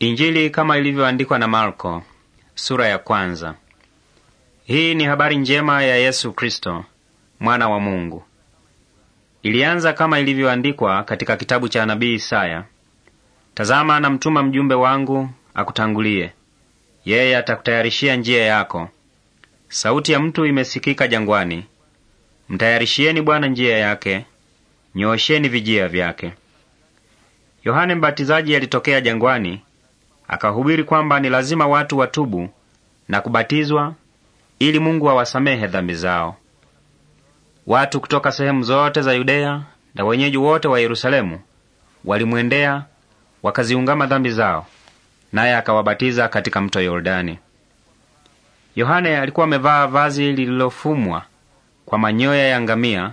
Injili kama ilivyoandikwa na Marko sura ya kwanza. Hii ni habari njema ya Yesu Kristo mwana wa Mungu. Ilianza kama ilivyoandikwa katika kitabu cha nabii Isaya: Tazama, namtuma mjumbe wangu akutangulie, yeye atakutayarishia njia yako. Sauti ya mtu imesikika jangwani, mtayarishieni Bwana njia yake, nyoosheni vijia vyake. Yohane Mbatizaji alitokea jangwani akahubiri kwamba ni lazima watu watubu na kubatizwa ili Mungu awasamehe wa dhambi zao. Watu kutoka sehemu zote za Yudeya na wenyeji wote wa Yerusalemu walimwendea wakaziungama dhambi zao, naye akawabatiza katika mto Yordani. Yohane alikuwa amevaa vazi lililofumwa kwa manyoya ya ngamia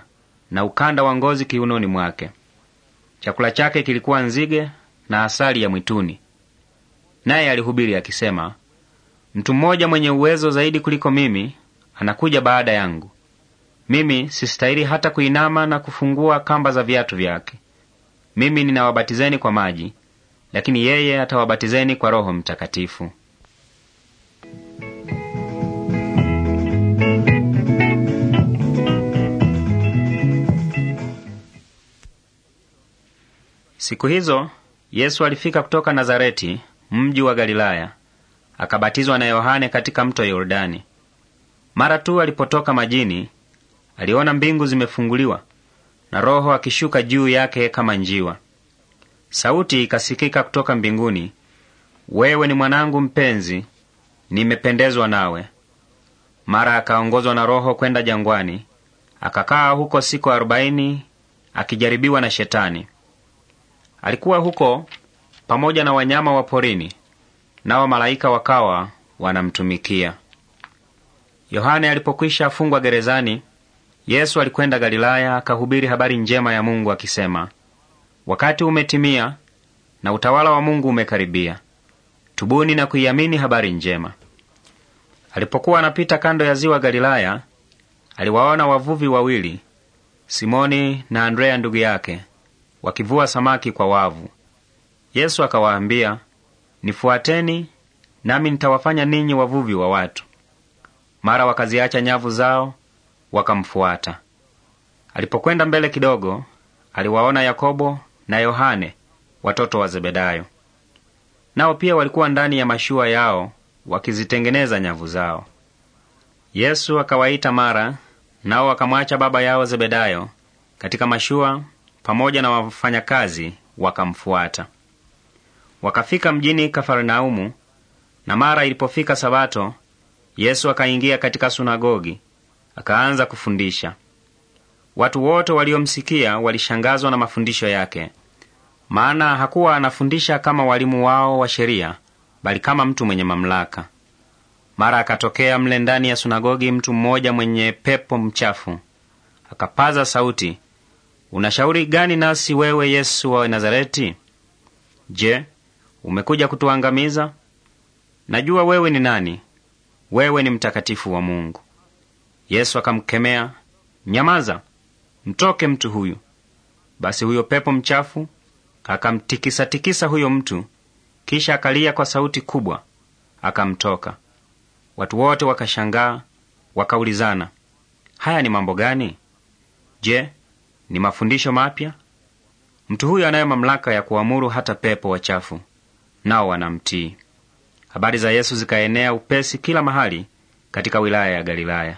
na ukanda wa ngozi kiunoni mwake. Chakula chake kilikuwa nzige na asali ya mwituni naye alihubiri akisema, mtu mmoja mwenye uwezo zaidi kuliko mimi anakuja baada yangu, mimi sistahili hata kuinama na kufungua kamba za viatu vyake. Mimi ninawabatizeni kwa maji, lakini yeye atawabatizeni kwa Roho Mtakatifu. Siku hizo Yesu alifika kutoka Nazareti mji wa Galilaya, akabatizwa na Yohane katika mto Yordani. Mara tu alipotoka majini, aliona mbingu zimefunguliwa na Roho akishuka juu yake kama njiwa. Sauti ikasikika kutoka mbinguni, wewe ni mwanangu mpenzi, nimependezwa nawe. Mara akaongozwa na Roho kwenda jangwani, akakaa huko siku arobaini akijaribiwa na Shetani. Alikuwa huko pamoja na wanyama wa porini, nao malaika wakawa wanamtumikia. Yohane alipokwisha afungwa gerezani, Yesu alikwenda Galilaya akahubiri habari njema ya Mungu akisema, wakati umetimia na utawala wa Mungu umekaribia, tubuni na kuiamini habari njema. Alipokuwa anapita kando ya ziwa Galilaya, aliwaona wavuvi wawili, Simoni na Andrea ndugu yake, wakivua samaki kwa wavu. Yesu akawaambia, nifuateni nami nitawafanya ninyi wavuvi wa watu. Mara wakaziacha nyavu zao wakamfuata. Alipokwenda mbele kidogo, aliwaona Yakobo na Yohane watoto wa Zebedayo, nao pia walikuwa ndani ya mashua yao wakizitengeneza nyavu zao. Yesu akawaita mara, nao wakamwacha baba yao Zebedayo katika mashua pamoja na wafanyakazi wakamfuata. Wakafika mjini Kafarnaumu, na mara ilipofika Sabato, Yesu akaingia katika sunagogi akaanza kufundisha. Watu wote waliomsikia walishangazwa na mafundisho yake, maana hakuwa anafundisha kama walimu wao wa sheria, bali kama mtu mwenye mamlaka. Mara akatokea mle ndani ya sunagogi mtu mmoja mwenye pepo mchafu, akapaza sauti, unashauri gani nasi wewe Yesu wa Nazareti? Je, umekuja kutuangamiza? Najua wewe ni nani, wewe ni mtakatifu wa Mungu. Yesu akamkemea, nyamaza, mtoke mtu huyu. Basi huyo pepo mchafu akamtikisatikisa huyo mtu, kisha akalia kwa sauti kubwa, akamtoka. Watu wote wakashangaa, wakaulizana, haya ni mambo gani? Je, ni mafundisho mapya? Mtu huyu anayo mamlaka ya kuamuru hata pepo wachafu nao wanamtii. Habari za Yesu zikaenea upesi kila mahali katika wilaya ya Galilaya.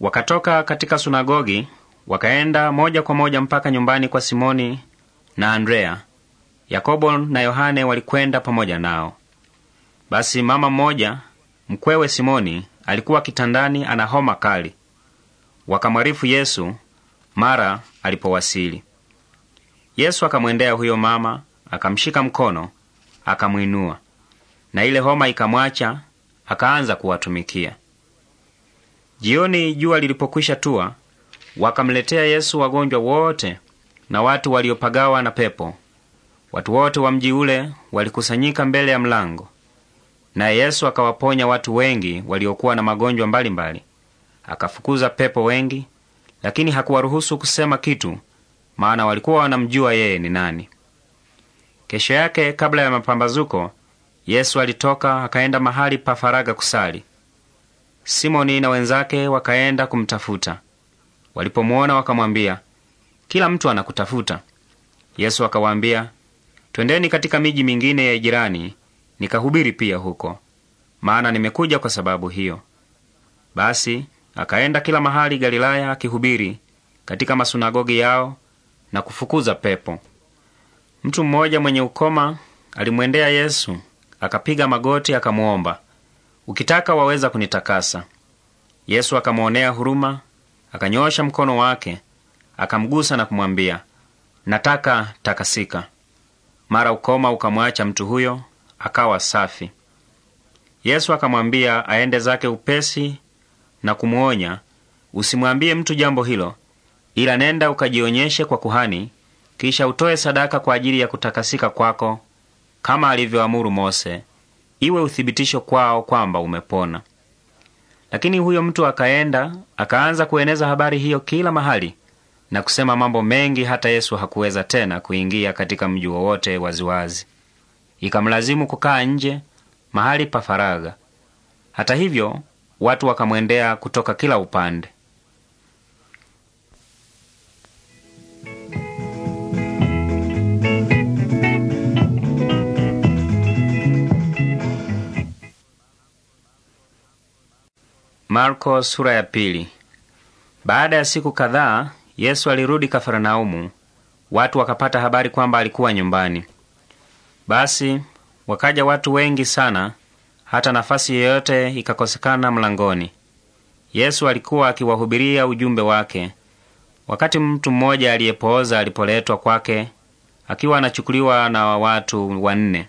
Wakatoka katika sunagogi wakaenda moja kwa moja mpaka nyumbani kwa Simoni na Andrea. Yakobo na Yohane walikwenda pamoja nao. Basi mama mmoja Mkwewe Simoni alikuwa kitandani ana homa kali. Wakamwarifu Yesu mara alipowasili. Yesu akamwendea huyo mama, akamshika mkono, akamwinua, na ile homa ikamwacha, akaanza kuwatumikia. Jioni jua lilipokwisha tua, wakamletea Yesu wagonjwa wote na watu waliopagawa na pepo. Watu wote wa mji ule walikusanyika mbele ya mlango naye Yesu akawaponya watu wengi waliokuwa na magonjwa mbalimbali, akafukuza pepo wengi, lakini hakuwaruhusu kusema kitu, maana walikuwa wanamjua yeye ni nani. Kesho yake kabla ya mapambazuko, Yesu alitoka akaenda mahali pa faraga kusali. Simoni na wenzake wakaenda kumtafuta. Walipomuona wakamwambia, kila mtu anakutafuta. Yesu akawaambia, twendeni katika miji mingine ya jirani nikahubiri pia huko, maana nimekuja kwa sababu hiyo. Basi akaenda kila mahali Galilaya akihubiri katika masunagogi yao na kufukuza pepo. Mtu mmoja mwenye ukoma alimwendea Yesu akapiga magoti akamuomba, ukitaka waweza kunitakasa. Yesu akamwonea huruma, akanyoosha mkono wake akamgusa na kumwambia, nataka takasika. Mara ukoma ukamwacha mtu huyo, akawa safi. Yesu akamwambia aende zake upesi na kumwonya, usimwambie mtu jambo hilo, ila nenda ukajionyeshe kwa kuhani, kisha utoe sadaka kwa ajili ya kutakasika kwako kama alivyoamuru Mose, iwe uthibitisho kwao kwamba umepona. Lakini huyo mtu akaenda akaanza kueneza habari hiyo kila mahali na kusema mambo mengi, hata Yesu hakuweza tena kuingia katika mji wowote waziwazi ikamlazimu kukaa nje mahali pa faragha. Hata hivyo, watu wakamwendea kutoka kila upande. Marko sura ya pili. Baada ya siku kadhaa Yesu alirudi Kafarnaumu. Watu wakapata habari kwamba alikuwa nyumbani. Basi wakaja watu wengi sana, hata nafasi yoyote ikakosekana mlangoni. Yesu alikuwa akiwahubiria ujumbe wake, wakati mtu mmoja aliyepooza alipoletwa kwake akiwa anachukuliwa na watu wanne.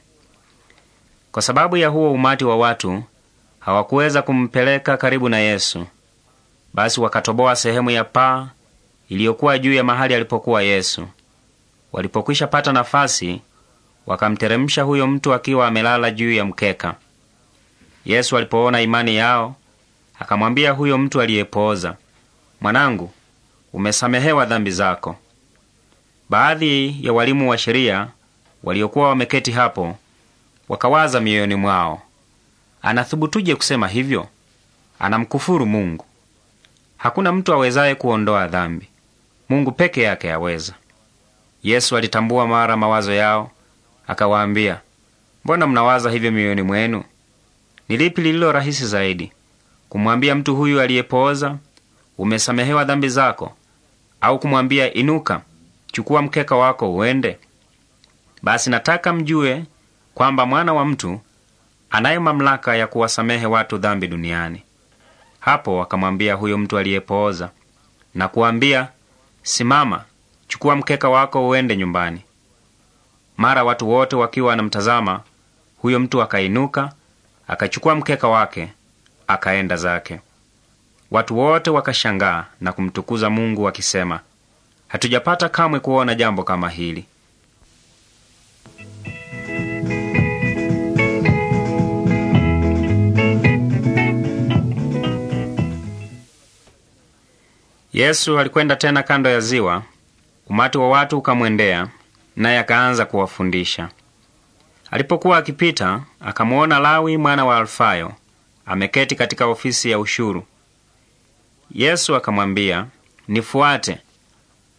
Kwa sababu ya huo umati wa watu, hawakuweza kumpeleka karibu na Yesu. Basi wakatoboa sehemu ya paa iliyokuwa juu ya mahali alipokuwa Yesu. Walipokwisha pata nafasi, wakamteremsha huyo mtu akiwa amelala juu ya mkeka. Yesu alipoona imani yao, akamwambia huyo mtu aliyepooza, mwanangu, umesamehewa dhambi zako. Baadhi ya walimu wa sheria waliokuwa wameketi hapo wakawaza mioyoni mwao, anathubutuje kusema hivyo? Anamkufuru Mungu. Hakuna mtu awezaye kuondoa dhambi, Mungu peke yake aweza. Yesu alitambua mara mawazo yao, Akawaambia, mbona mnawaza hivyo mioyoni mwenu? Ni lipi lililo rahisi zaidi, kumwambia mtu huyu aliyepooza, umesamehewa dhambi zako, au kumwambia inuka, chukua mkeka wako uende? Basi nataka mjue kwamba mwana wa mtu anayo mamlaka ya kuwasamehe watu dhambi duniani. Hapo wakamwambia huyo mtu aliyepooza na kuambia, simama, chukua mkeka wako uende nyumbani. Mara watu wote wakiwa wanamtazama, huyo mtu akainuka, akachukua mkeka wake, akaenda zake. Watu wote wakashangaa na kumtukuza Mungu wakisema, hatujapata kamwe kuona jambo kama hili. Yesu alikwenda tena kando ya ziwa, umati wa watu ukamwendea naye akaanza kuwafundisha. Alipokuwa akipita, akamwona Lawi mwana wa Alfayo ameketi katika ofisi ya ushuru. Yesu akamwambia, nifuate.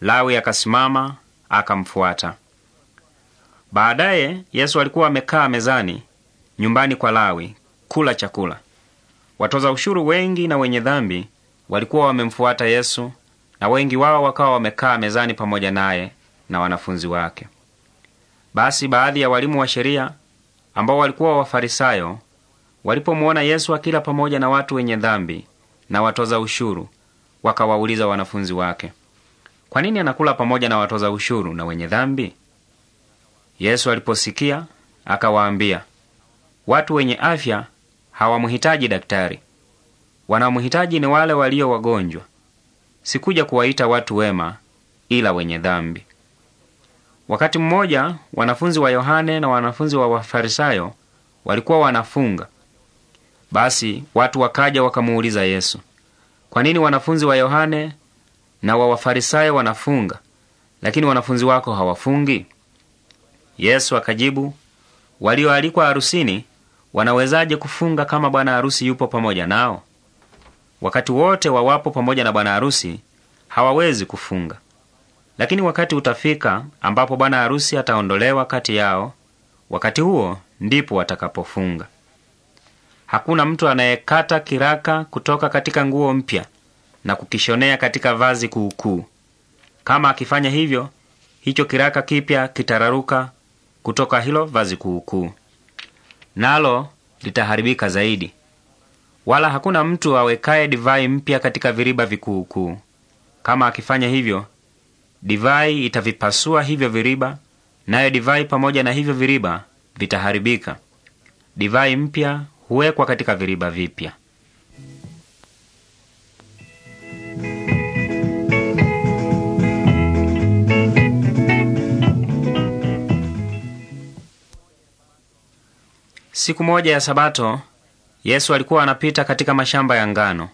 Lawi akasimama akamfuata. Baadaye Yesu alikuwa amekaa mezani nyumbani kwa Lawi kula chakula. Watoza ushuru wengi na wenye dhambi walikuwa wamemfuata Yesu, na wengi wao wakawa wamekaa mezani pamoja naye na wanafunzi wake. Basi baadhi ya walimu wa sheria ambao walikuwa Wafarisayo walipomwona Yesu akila pamoja na watu wenye dhambi na watoza ushuru, wakawauliza wanafunzi wake, kwa nini anakula pamoja na watoza ushuru na wenye dhambi? Yesu aliposikia akawaambia, watu wenye afya hawamhitaji daktari, wanamhitaji ni wale walio wagonjwa. Sikuja kuwaita watu wema, ila wenye dhambi. Wakati mmoja wanafunzi wa Yohane na wanafunzi wa Wafarisayo walikuwa wanafunga. Basi watu wakaja wakamuuliza Yesu, kwa nini wanafunzi wa Yohane na wa Wafarisayo wanafunga, lakini wanafunzi wako hawafungi? Yesu akajibu, walioalikwa harusini wanawezaje kufunga kama bwana harusi yupo pamoja nao? Wakati wote wawapo pamoja na bwana harusi hawawezi kufunga. Lakini wakati utafika ambapo bwana harusi ataondolewa kati yao, wakati huo ndipo watakapofunga. Hakuna mtu anayekata kiraka kutoka katika nguo mpya na kukishonea katika vazi kuukuu. Kama akifanya hivyo, hicho kiraka kipya kitararuka kutoka hilo vazi kuukuu, nalo litaharibika zaidi. Wala hakuna mtu awekaye divai mpya katika viriba vikuukuu. Kama akifanya hivyo, divai itavipasua hivyo viriba, nayo divai pamoja na hivyo viriba vitaharibika. Divai mpya huwekwa katika viriba vipya. Siku moja ya Sabato, Yesu alikuwa anapita katika mashamba ya ngano.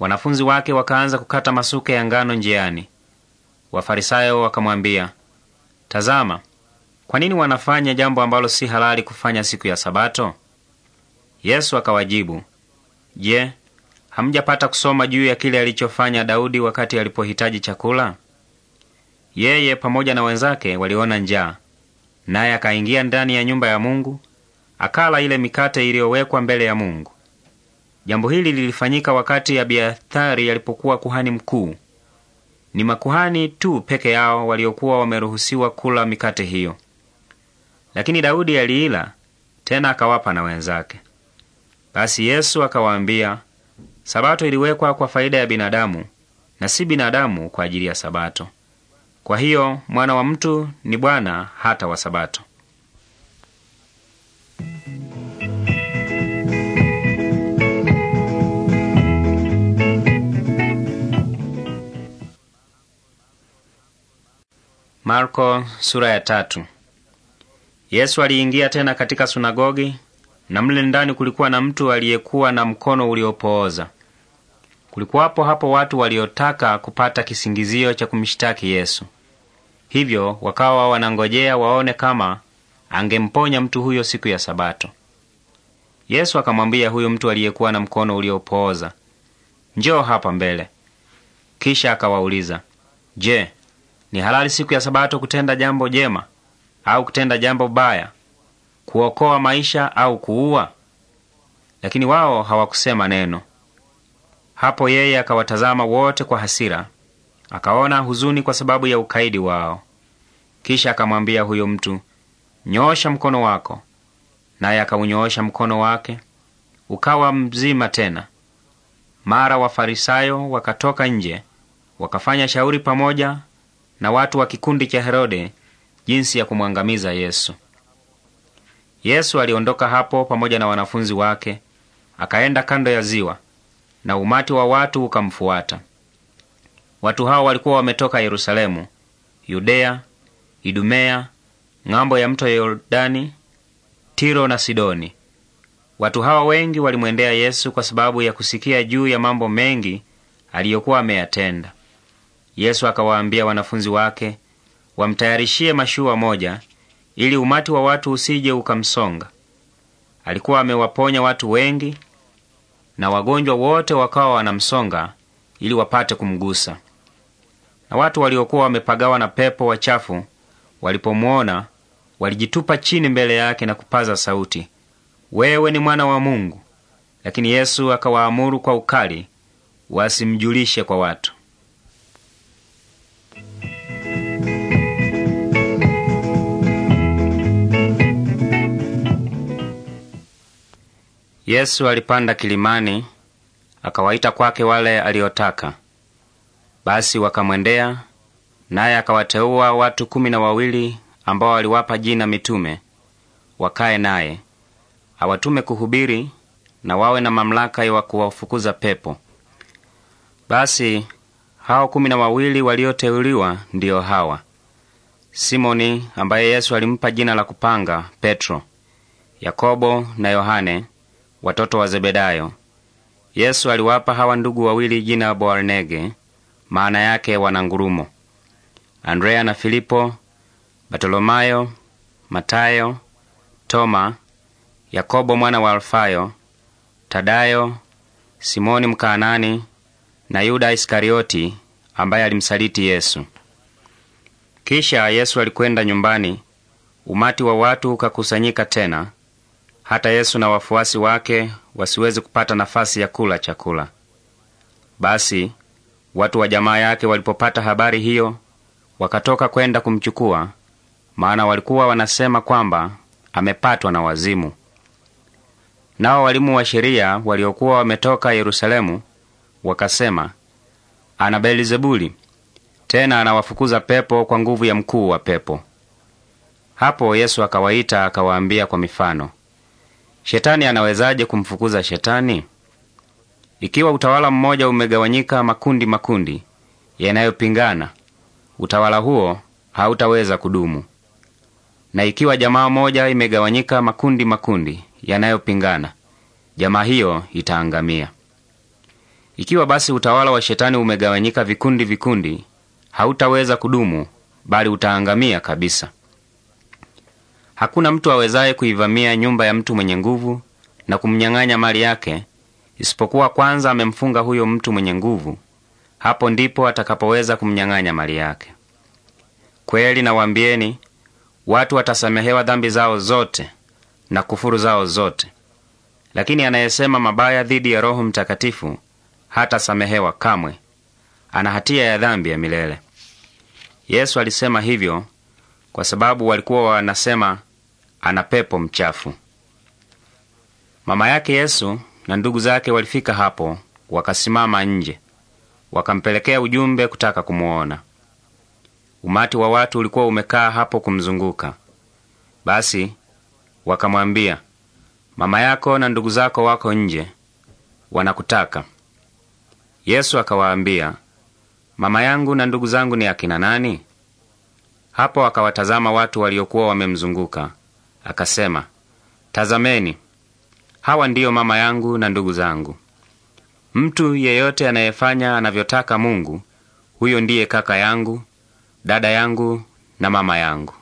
Wanafunzi wake wakaanza kukata masuke ya ngano njiani. Wafarisayo wakamwambia, Tazama, kwa nini wanafanya jambo ambalo si halali kufanya siku ya Sabato? Yesu akawajibu, Je, hamjapata kusoma juu ya kile alichofanya Daudi wakati alipohitaji chakula? Yeye pamoja na wenzake waliona njaa, naye akaingia ndani ya nyumba ya Mungu akala ile mikate iliyowekwa mbele ya Mungu. Jambo hili lilifanyika wakati Abiathari alipokuwa kuhani mkuu. Ni makuhani tu peke yao waliokuwa wameruhusiwa kula mikate hiyo, lakini Daudi aliila tena akawapa na wenzake. Basi Yesu akawaambia, Sabato iliwekwa kwa faida ya binadamu na si binadamu kwa ajili ya Sabato. Kwa hiyo mwana wa mtu ni Bwana hata wa Sabato. Marko sura ya tatu. Yesu aliingia tena katika sunagogi na mle ndani kulikuwa na mtu aliyekuwa na mkono uliopooza. Kulikuwapo hapo watu waliotaka kupata kisingizio cha kumshitaki Yesu, hivyo wakawa wanangojea waone kama angemponya mtu huyo siku ya Sabato. Yesu akamwambia huyo mtu aliyekuwa na mkono uliopooza, njoo hapa mbele. Kisha akawauliza, je, ni halali siku ya Sabato kutenda jambo jema au kutenda jambo baya, kuokoa maisha au kuua? Lakini wao hawakusema neno. Hapo yeye akawatazama wote kwa hasira, akaona huzuni kwa sababu ya ukaidi wao. Kisha akamwambia huyo mtu, nyoosha mkono wako. Naye akaunyoosha mkono wake ukawa mzima tena. Mara Wafarisayo wakatoka nje wakafanya shauri pamoja na watu wa kikundi cha Herode jinsi ya kumwangamiza Yesu. Yesu aliondoka hapo pamoja na wanafunzi wake akaenda kando ya ziwa, na umati wa watu ukamfuata. Watu hao walikuwa wametoka Yerusalemu, Yudea, Idumea, ng'ambo ya mto Yordani, Tiro na Sidoni. Watu hawa wengi walimwendea Yesu kwa sababu ya kusikia juu ya mambo mengi aliyokuwa ameyatenda. Yesu akawaambia wanafunzi wake wamtayarishie mashua moja, ili umati wa watu usije ukamsonga. Alikuwa amewaponya watu wengi, na wagonjwa wote wakawa wanamsonga ili wapate kumgusa. Na watu waliokuwa wamepagawa na pepo wachafu walipomwona, walijitupa chini mbele yake na kupaza sauti, wewe ni mwana wa Mungu. Lakini Yesu akawaamuru kwa ukali wasimjulishe kwa watu. Yesu alipanda kilimani akawaita kwake wale aliotaka. Basi wakamwendea, naye akawateua watu kumi na wawili ambao aliwapa jina mitume, wakaye naye awatume kuhubiri na wawe na mamlaka ya kuwafukuza pepo. Basi hao kumi na wawili walioteuliwa ndiyo hawa: Simoni ambaye Yesu alimpa jina la kupanga Petro, Yakobo na Yohane, watoto wa Zebedayo. Yesu aliwapa hawa ndugu wawili jina Boaznege, maana yake wana ngurumo. Andrea na Filipo, Bartolomayo, Matayo, Toma, Yakobo mwana wa Alfayo, Tadayo, Simoni Mkaanani na Yuda Iskarioti ambaye alimsaliti Yesu. Kisha Yesu alikwenda nyumbani, umati wa watu ukakusanyika tena, hata Yesu na wafuasi wake wasiwezi kupata nafasi ya kula chakula. Basi watu wa jamaa yake walipopata habari hiyo, wakatoka kwenda kumchukua, maana walikuwa wanasema kwamba amepatwa na wazimu. Nao walimu wa sheria waliokuwa wametoka Yerusalemu wakasema, ana Belizebuli, tena anawafukuza pepo kwa nguvu ya mkuu wa pepo. Hapo Yesu akawaita akawaambia kwa mifano Shetani anawezaje kumfukuza shetani? Ikiwa utawala mmoja umegawanyika makundi makundi yanayopingana, utawala huo hautaweza kudumu. Na ikiwa jamaa moja imegawanyika makundi makundi yanayopingana, jamaa hiyo itaangamia. Ikiwa basi utawala wa shetani umegawanyika vikundi vikundi, hautaweza kudumu, bali utaangamia kabisa. Hakuna mtu awezaye kuivamia nyumba ya mtu mwenye nguvu na kumnyang'anya mali yake, isipokuwa kwanza amemfunga huyo mtu mwenye nguvu. Hapo ndipo atakapoweza kumnyang'anya mali yake. Kweli nawaambieni, watu watasamehewa dhambi zao zote na kufuru zao zote, lakini anayesema mabaya dhidi ya Roho Mtakatifu hatasamehewa kamwe, ana hatia ya dhambi ya milele. Yesu alisema hivyo kwa sababu walikuwa wanasema ana pepo mchafu. Mama yake Yesu na ndugu zake walifika hapo, wakasimama nje, wakampelekea ujumbe kutaka kumwona. Umati wa watu ulikuwa umekaa hapo kumzunguka. Basi wakamwambia, mama yako na ndugu zako wako nje, wanakutaka. Yesu akawaambia, mama yangu na ndugu zangu ni akina nani? Hapo akawatazama watu waliokuwa wamemzunguka, akasema, tazameni, hawa ndiyo mama yangu na ndugu zangu. Mtu yeyote anayefanya anavyotaka Mungu, huyo ndiye kaka yangu, dada yangu na mama yangu.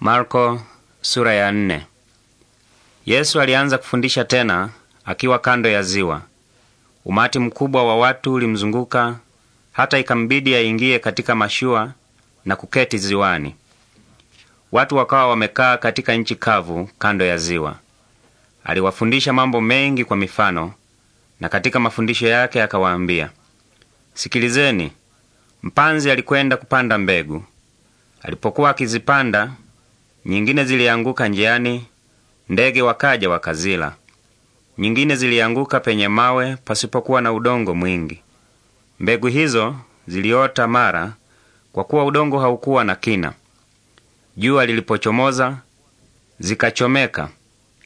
Marko sura ya nne. Yesu alianza kufundisha tena akiwa kando ya ziwa. Umati mkubwa wa watu ulimzunguka hata ikambidi aingie katika mashua na kuketi ziwani. Watu wakawa wamekaa katika nchi kavu kando ya ziwa. Aliwafundisha mambo mengi kwa mifano, na katika mafundisho yake akawaambia, Sikilizeni, mpanzi alikwenda kupanda mbegu. Alipokuwa akizipanda, nyingine zilianguka njiani, ndege wakaja wakazila nyingine zilianguka penye mawe pasipokuwa na udongo mwingi. Mbegu hizo ziliota mara, kwa kuwa udongo haukuwa na kina. Jua lilipochomoza zikachomeka,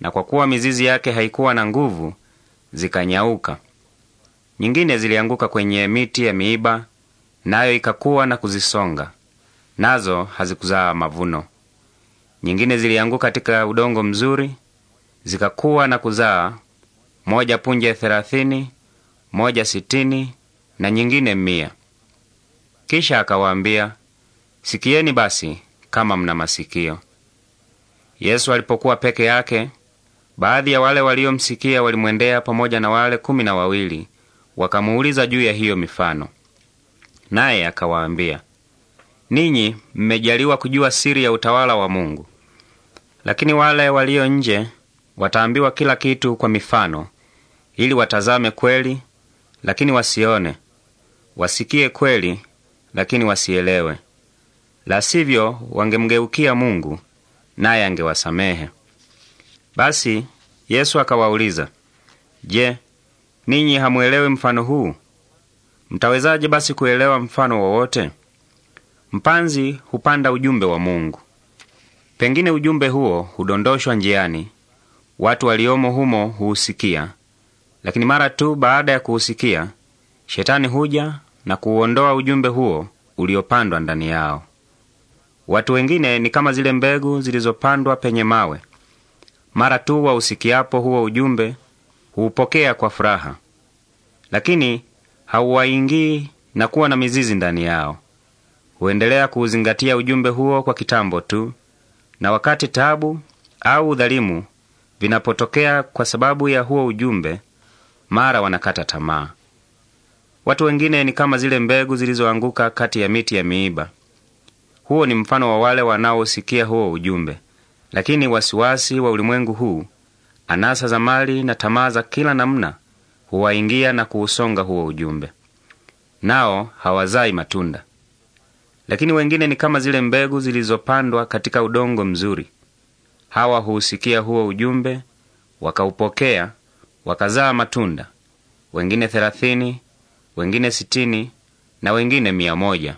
na kwa kuwa mizizi yake haikuwa na nguvu zikanyauka. Nyingine zilianguka kwenye miti ya miiba, nayo ikakuwa na kuzisonga, nazo hazikuzaa mavuno. Nyingine zilianguka katika udongo mzuri, zikakuwa na kuzaa moja punje thelathini, moja sitini na nyingine mia. Kisha akawaambia, sikieni basi kama mna masikio. Yesu alipokuwa peke yake, baadhi ya wale waliomsikia walimwendea pamoja na wale kumi na wawili wakamuuliza juu ya hiyo mifano, naye akawaambia, ninyi mmejaliwa kujua siri ya utawala wa Mungu, lakini wale walio nje wataambiwa kila kitu kwa mifano ili watazame kweli, lakini wasione; wasikie kweli, lakini wasielewe. La sivyo, wangemgeukia Mungu, naye angewasamehe. Basi Yesu akawauliza, Je, ninyi hamuelewi mfano huu? Mtawezaje basi kuelewa mfano wowote? Mpanzi hupanda ujumbe wa Mungu. Pengine ujumbe huo hudondoshwa njiani, watu waliomo humo huusikia, lakini mara tu baada ya kuusikia, shetani huja na kuuondoa ujumbe huo uliopandwa ndani yao. Watu wengine ni kama zile mbegu zilizopandwa penye mawe. Mara tu wausikiapo huo ujumbe, huupokea kwa furaha, lakini hauwaingii na kuwa na mizizi ndani yao. Huendelea kuuzingatia ujumbe huo kwa kitambo tu, na wakati tabu au udhalimu vinapotokea kwa sababu ya huo ujumbe, mara wanakata tamaa. Watu wengine ni kama zile mbegu zilizoanguka kati ya miti ya miiba. Huo ni mfano wa wale wanaosikia huo ujumbe, lakini wasiwasi wa ulimwengu huu, anasa za mali na tamaa za kila namna huwaingia na kuusonga huo ujumbe, nao hawazai matunda. Lakini wengine ni kama zile mbegu zilizopandwa katika udongo mzuri. Hawa huusikia huo ujumbe, wakaupokea wakazaa matunda, wengine thelathini, wengine sitini na wengine mia moja.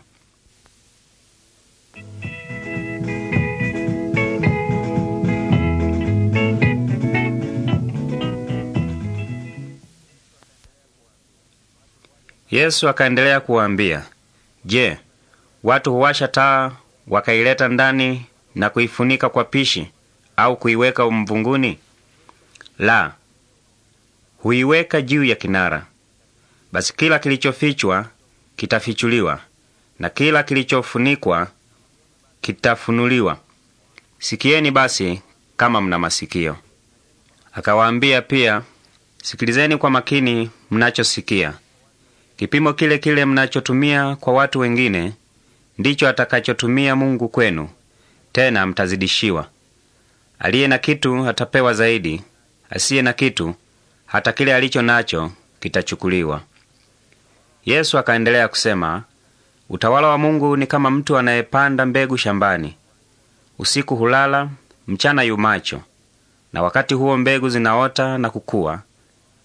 Yesu akaendelea kuwaambia, Je, watu huwasha taa wakaileta ndani na kuifunika kwa pishi au kuiweka mvunguni? La, huiweka juu ya kinara. Basi kila kilichofichwa kitafichuliwa, na kila kilichofunikwa kitafunuliwa. Sikieni basi kama mna masikio. Akawaambia pia, sikilizeni kwa makini mnachosikia. Kipimo kile kile mnachotumia kwa watu wengine ndicho atakachotumia Mungu kwenu, tena mtazidishiwa. Aliye na kitu atapewa zaidi, asiye na kitu hata kile alicho nacho kitachukuliwa. Yesu akaendelea kusema, utawala wa Mungu ni kama mtu anayepanda mbegu shambani. Usiku hulala, mchana yumacho, na wakati huo mbegu zinaota na kukua,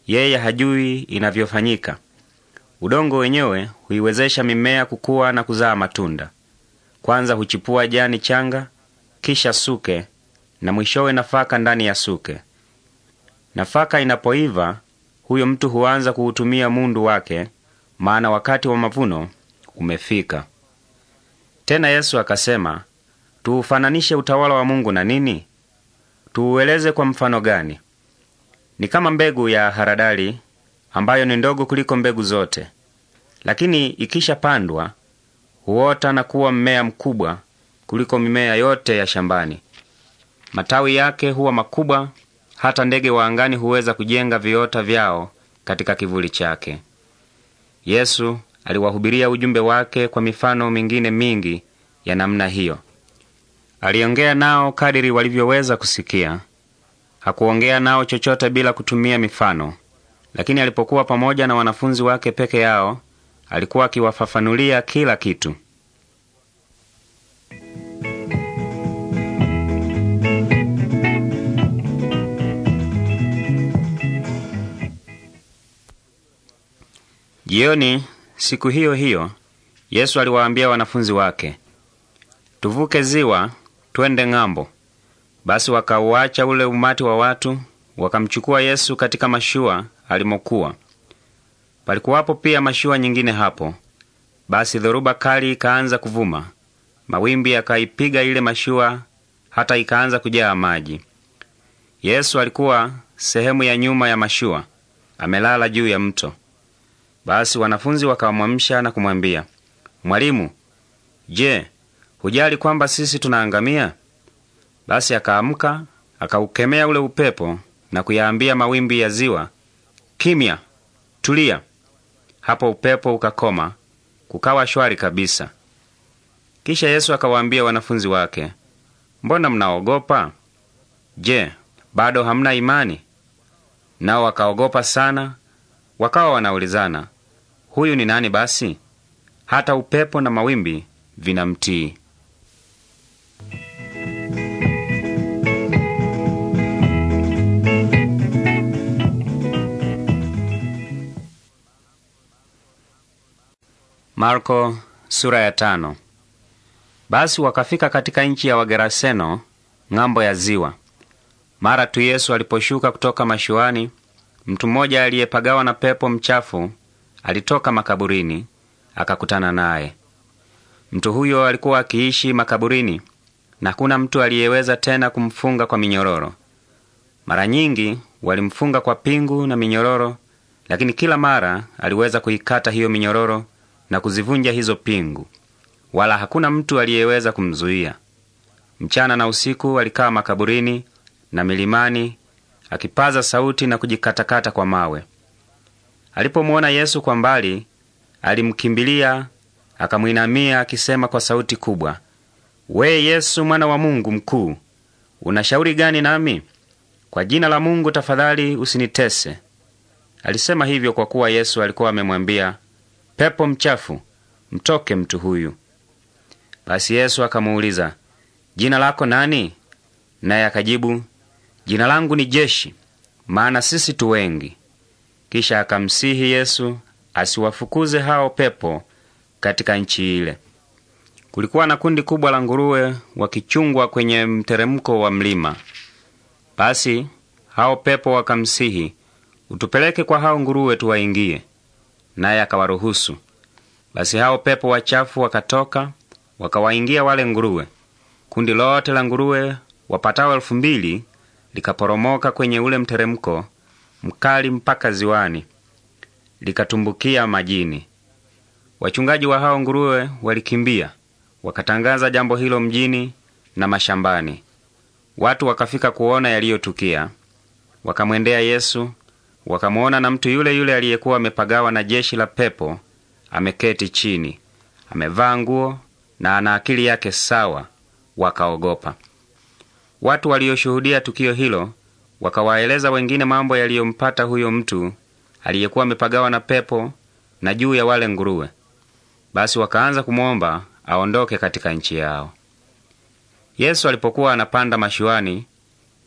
yeye hajui inavyofanyika. Udongo wenyewe huiwezesha mimea kukua na kuzaa matunda. Kwanza huchipua jani changa, kisha suke, na mwishowe nafaka ndani ya suke. Nafaka inapoiva, huyo mtu huanza kuutumia mundu wake, maana wakati wa mavuno umefika. Tena Yesu akasema, tuufananishe utawala wa Mungu na nini? Tuueleze kwa mfano gani? Ni kama mbegu ya haradali ambayo ni ndogo kuliko mbegu zote, lakini ikishapandwa huota na kuwa mmea mkubwa kuliko mimea yote ya shambani. Matawi yake huwa makubwa hata ndege wa angani huweza kujenga viota vyao katika kivuli chake. Yesu aliwahubiria ujumbe wake kwa mifano mingine mingi ya namna hiyo. Aliongea nao kadiri walivyoweza kusikia. Hakuongea nao chochote bila kutumia mifano, lakini alipokuwa pamoja na wanafunzi wake peke yao, alikuwa akiwafafanulia kila kitu. Jioni siku hiyo hiyo Yesu aliwaambia wanafunzi wake, tuvuke ziwa twende ng'ambo. Basi wakauacha ule umati wa watu, wakamchukua Yesu katika mashua alimokuwa. Palikuwapo pia mashua nyingine hapo. Basi dhoruba kali ikaanza kuvuma, mawimbi yakaipiga ile mashua hata ikaanza kujaa maji. Yesu alikuwa sehemu ya nyuma ya mashua, amelala juu ya mto. Basi wanafunzi wakamwamsha na kumwambia, Mwalimu, je, hujali kwamba sisi tunaangamia? Basi akaamka akaukemea ule upepo na kuyaambia mawimbi ya ziwa, Kimya, tulia. Hapo upepo ukakoma, kukawa shwari kabisa. Kisha Yesu akawaambia wanafunzi wake, mbona mnaogopa? Je, bado hamna imani? Nao wakaogopa sana, wakawa wanaulizana huyu ni nani basi? Hata upepo na mawimbi vinamtii. Marko sura ya tano. Basi wakafika katika nchi ya Wageraseno ng'ambo ya ziwa. Mara tu Yesu aliposhuka kutoka mashuani, mtu mmoja aliyepagawa na pepo mchafu alitoka makaburini akakutana naye. Mtu huyo alikuwa akiishi makaburini na hakuna mtu aliyeweza tena kumfunga kwa minyororo. Mara nyingi walimfunga kwa pingu na minyororo, lakini kila mara aliweza kuikata hiyo minyororo na kuzivunja hizo pingu, wala hakuna mtu aliyeweza kumzuia. Mchana na usiku alikaa makaburini na milimani, akipaza sauti na kujikatakata kwa mawe. Alipomwona Yesu kwa mbali, alimkimbilia akamwinamia akisema kwa sauti kubwa, we Yesu, mwana wa Mungu mkuu, unashauri gani nami? Kwa jina la Mungu tafadhali usinitese. Alisema hivyo kwa kuwa Yesu alikuwa amemwambia, pepo mchafu, mtoke mtu huyu. Basi Yesu akamuuliza, jina lako nani? Naye akajibu, jina langu ni Jeshi, maana sisi tu wengi. Kisha akamsihi Yesu asiwafukuze hao pepo katika nchi ile. Kulikuwa na kundi kubwa la nguruwe wakichungwa kwenye mteremko wa mlima. Basi hao pepo wakamsihi, utupeleke kwa hao nguruwe tuwaingie. Naye akawaruhusu. Basi hao pepo wachafu wakatoka wakawaingia wale nguruwe. Kundi lote la nguruwe wapatao elfu mbili likaporomoka kwenye ule mteremko mkali mpaka ziwani, likatumbukia majini. Wachungaji wa hao nguruwe walikimbia, wakatangaza jambo hilo mjini na mashambani. Watu wakafika kuona yaliyotukia, wakamwendea Yesu, wakamwona na mtu yule yule aliyekuwa amepagawa na jeshi la pepo ameketi chini, amevaa nguo na ana akili yake sawa, wakaogopa. Watu walioshuhudia tukio hilo Wakawaeleza wengine mambo yaliyompata huyo mtu aliyekuwa amepagawa na pepo na juu ya wale nguruwe. Basi wakaanza kumwomba aondoke katika nchi yao. Yesu alipokuwa anapanda mashuani,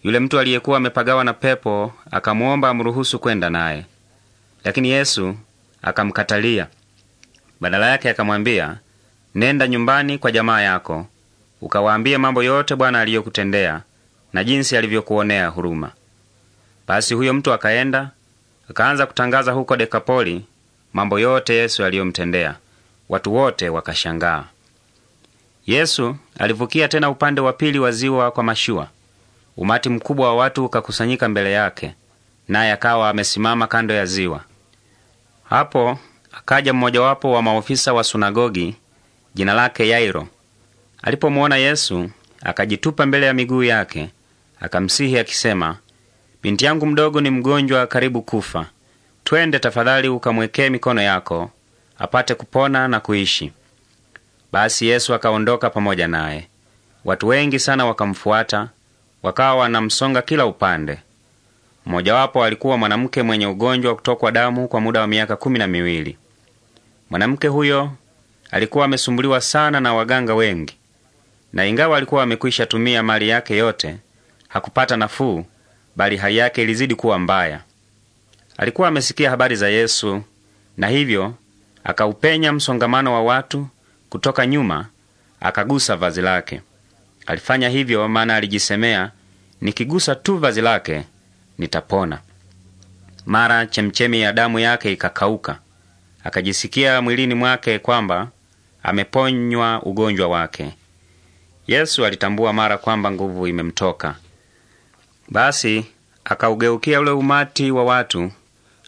yule mtu aliyekuwa amepagawa na pepo akamwomba amruhusu kwenda naye, lakini Yesu akamkatalia. Badala yake akamwambia, nenda nyumbani kwa jamaa yako ukawaambie mambo yote Bwana aliyokutendea na jinsi alivyokuonea huruma. Basi huyo mtu akaenda akaanza kutangaza huko Dekapoli mambo yote Yesu aliyomtendea. Watu wote wakashangaa. Yesu alivukia tena upande wa pili wa ziwa kwa mashua. Umati mkubwa wa watu ukakusanyika mbele yake, naye akawa amesimama kando ya ziwa. Hapo akaja mmojawapo wa maofisa wa sunagogi, jina lake Yairo. Alipomwona Yesu akajitupa mbele ya miguu yake, akamsihi akisema, binti yangu mdogo ni mgonjwa karibu kufa. Twende tafadhali ukamwekee mikono yako apate kupona na kuishi. Basi Yesu akaondoka pamoja naye. Watu wengi sana wakamfuata, wakawa wanamsonga kila upande. Mmojawapo alikuwa mwanamke mwenye ugonjwa wa kutokwa damu kwa muda wa miaka kumi na miwili. Mwanamke huyo alikuwa amesumbuliwa sana na waganga wengi, na ingawa alikuwa amekwisha tumia mali yake yote, hakupata nafuu bali hali yake ilizidi kuwa mbaya. Alikuwa amesikia habari za Yesu na hivyo akaupenya msongamano wa watu kutoka nyuma, akagusa vazi lake. Alifanya hivyo maana alijisemea, nikigusa tu vazi lake nitapona. Mara chemchemi ya damu yake ikakauka, akajisikia mwilini mwake kwamba ameponywa ugonjwa wake. Yesu alitambua mara kwamba nguvu imemtoka, basi akaugeukia ule umati wa watu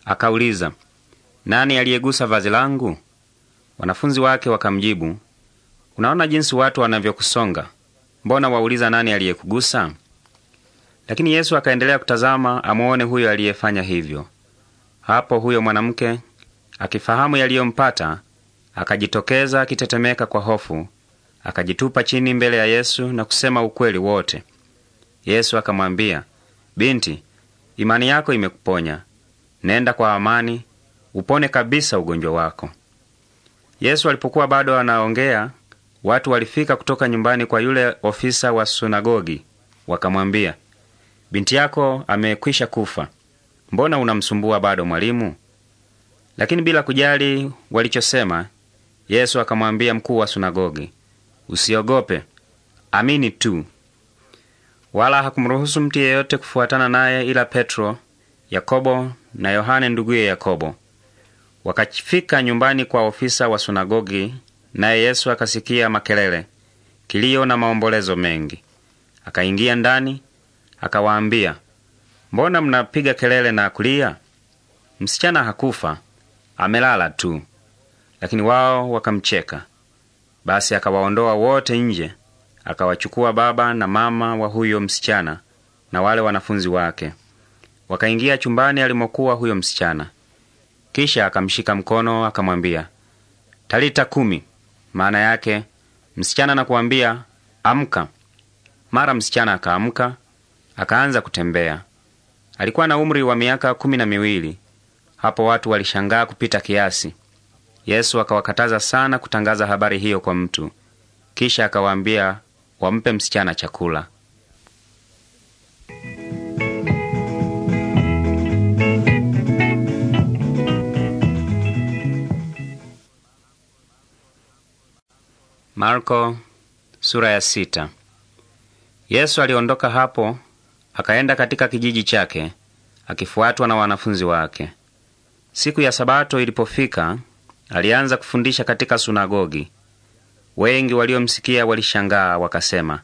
akauliza, nani aliyegusa vazi langu? Wanafunzi wake wakamjibu, unaona jinsi watu wanavyokusonga, mbona wauliza nani aliyekugusa? Lakini Yesu akaendelea kutazama amwone huyo aliyefanya hivyo. Hapo huyo mwanamke akifahamu yaliyompata, akajitokeza akitetemeka kwa hofu, akajitupa chini mbele ya Yesu na kusema ukweli wote. Yesu akamwambia, Binti, imani yako imekuponya, nenda kwa amani, upone kabisa ugonjwa wako. Yesu alipokuwa bado anaongea, watu walifika kutoka nyumbani kwa yule ofisa wa sunagogi, wakamwambia, binti yako amekwisha kufa, mbona unamsumbua bado mwalimu? Lakini bila kujali walichosema, Yesu akamwambia mkuu wa sunagogi, usiogope, amini tu wala hakumruhusu mtu yeyote kufuatana naye ila Petro, Yakobo na Yohane nduguye Yakobo. Wakafika nyumbani kwa ofisa wa sunagogi, naye Yesu akasikia makelele, kilio na maombolezo mengi. Akaingia ndani, akawaambia, mbona mnapiga kelele na kulia? Msichana hakufa, amelala tu. Lakini wao wakamcheka. Basi akawaondoa wote nje, Akawachukua baba na mama wa huyo msichana na wale wanafunzi wake, wakaingia chumbani alimokuwa huyo msichana. Kisha akamshika mkono akamwambia, talita kumi, maana yake msichana nakuambia, amka. Mara msichana akaamka akaanza kutembea. Alikuwa na umri wa miaka kumi na miwili. Hapo watu walishangaa kupita kiasi. Yesu akawakataza sana kutangaza habari hiyo kwa mtu. Kisha akawaambia wampe msichana chakula. Marko sura ya sita. Yesu aliondoka hapo akaenda katika kijiji chake akifuatwa na wanafunzi wake. Siku ya Sabato ilipofika, alianza kufundisha katika sunagogi. Wengi waliomsikia walishangaa wakasema,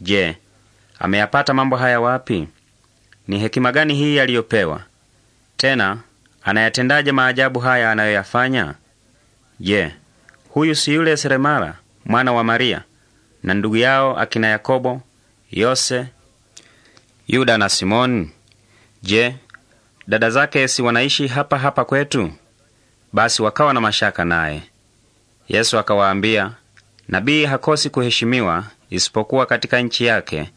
Je, ameyapata mambo haya wapi? Ni hekima gani hii aliyopewa? Tena anayatendaje maajabu haya anayoyafanya? Je, huyu si yule seremala mwana wa Maria na ndugu yao akina Yakobo, Yose, Yuda na Simoni? Je, dada zake si wanaishi hapa hapa kwetu? Basi wakawa na mashaka naye. Yesu akawaambia, Nabii hakosi kuheshimiwa isipokuwa katika nchi yake,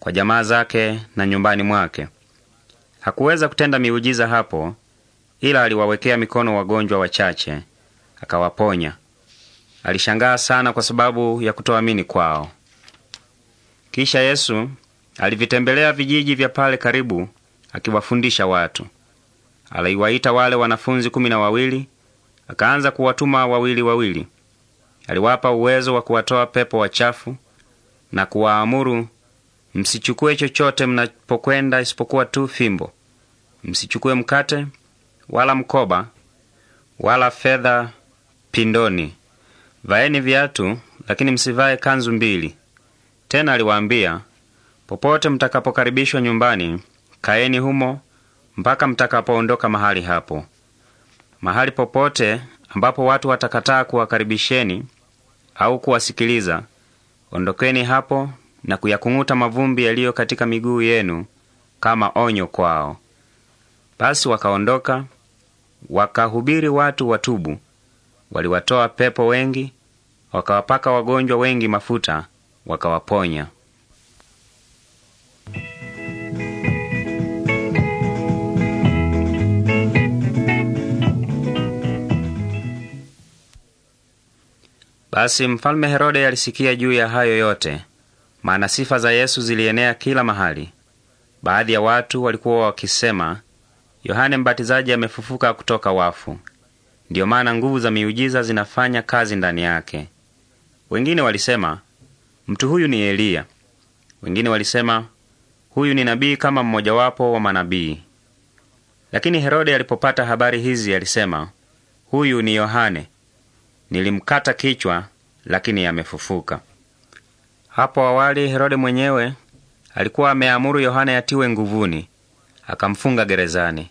kwa jamaa zake na nyumbani mwake. Hakuweza kutenda miujiza hapo, ila aliwawekea mikono wagonjwa wachache akawaponya. Alishangaa sana kwa sababu ya kutoamini kwao. Kisha Yesu alivitembelea vijiji vya pale karibu, akiwafundisha watu. Aliwaita wale wanafunzi kumi na wawili, akaanza kuwatuma wawili wawili aliwapa uwezo wa kuwatoa pepo wachafu na kuwaamuru, msichukue chochote mnapokwenda isipokuwa tu fimbo, msichukue mkate wala mkoba wala fedha pindoni. Vaeni viatu, lakini msivae kanzu mbili. Tena aliwaambia, popote mtakapokaribishwa nyumbani, kaeni humo mpaka mtakapoondoka mahali hapo. Mahali popote ambapo watu watakataa kuwakaribisheni au kuwasikiliza, ondokeni hapo na kuyakung'uta mavumbi yaliyo katika miguu yenu kama onyo kwao. Basi wakaondoka wakahubiri watu watubu. Waliwatoa pepo wengi, wakawapaka wagonjwa wengi mafuta, wakawaponya. Basi mfalme Herode alisikia juu ya hayo yote, maana sifa za Yesu zilienea kila mahali. Baadhi ya watu walikuwa wakisema, Yohane Mbatizaji amefufuka kutoka wafu, ndiyo maana nguvu za miujiza zinafanya kazi ndani yake. Wengine walisema, mtu huyu ni Eliya. Wengine walisema, huyu ni nabii kama mmojawapo wa manabii. Lakini Herode alipopata habari hizi, alisema, huyu ni Yohane. Nilimkata kichwa, lakini yamefufuka. Hapo awali Herode mwenyewe alikuwa ameamuru Yohana yatiwe nguvuni, akamfunga gerezani.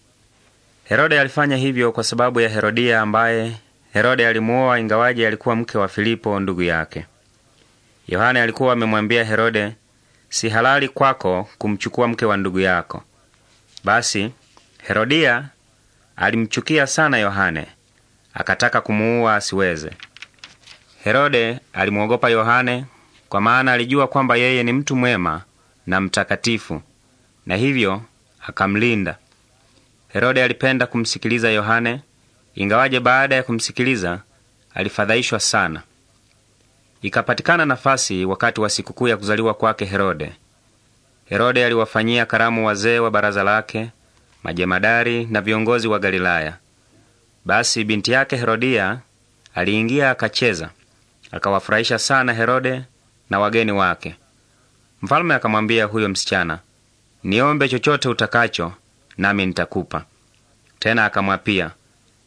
Herode alifanya hivyo kwa sababu ya Herodia ambaye Herode alimuoa, ingawaji alikuwa mke wa Filipo ndugu yake. Yohana alikuwa amemwambia Herode, si halali kwako kumchukua mke wa ndugu yako. Basi Herodia alimchukia sana Yohane, akataka kumuua asiweze. Herode alimwogopa Yohane kwa maana alijua kwamba yeye ni mtu mwema na mtakatifu, na hivyo akamlinda. Herode alipenda kumsikiliza Yohane, ingawaje baada ya kumsikiliza alifadhaishwa sana. Ikapatikana nafasi wakati wa sikukuu ya kuzaliwa kwake Herode. Herode aliwafanyia karamu wazee wa baraza lake, majemadari na viongozi wa Galilaya. Basi binti yake Herodia aliingia akacheza, akawafurahisha sana Herode na wageni wake. Mfalme akamwambia huyo msichana, niombe chochote utakacho, nami nitakupa. Tena akamwapia,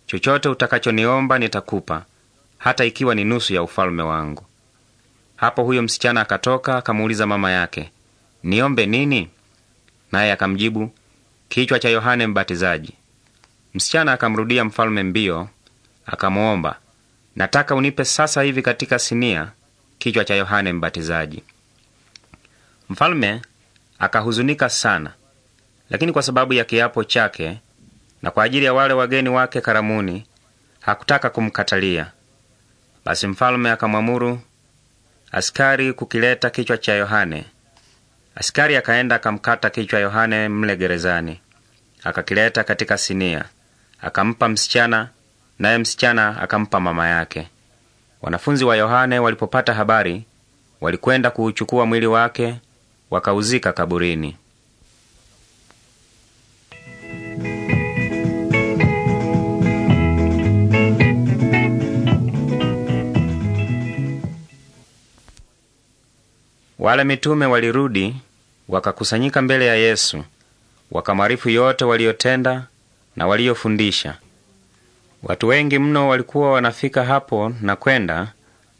chochote utakachoniomba nitakupa, hata ikiwa ni nusu ya ufalme wangu. Hapo huyo msichana akatoka akamuuliza mama yake, niombe nini? Naye akamjibu, kichwa cha Yohane Mbatizaji. Msichana akamrudia mfalme mbio, akamwomba, nataka unipe sasa hivi katika sinia kichwa cha Yohane Mbatizaji. Mfalme akahuzunika sana, lakini kwa sababu ya kiapo chake na kwa ajili ya wale wageni wake karamuni, hakutaka kumkatalia. Basi mfalme akamwamuru askari kukileta kichwa cha Yohane. Askari akaenda akamkata kichwa Yohane mle gerezani, akakileta katika sinia akampa msichana, naye msichana akampa mama yake. Wanafunzi wa Yohane walipopata habari, walikwenda kuuchukua mwili wake wakauzika kaburini. Wale mitume walirudi wakakusanyika mbele ya Yesu, wakamwarifu yote waliyotenda na waliofundisha. Watu wengi mno walikuwa wanafika hapo na kwenda,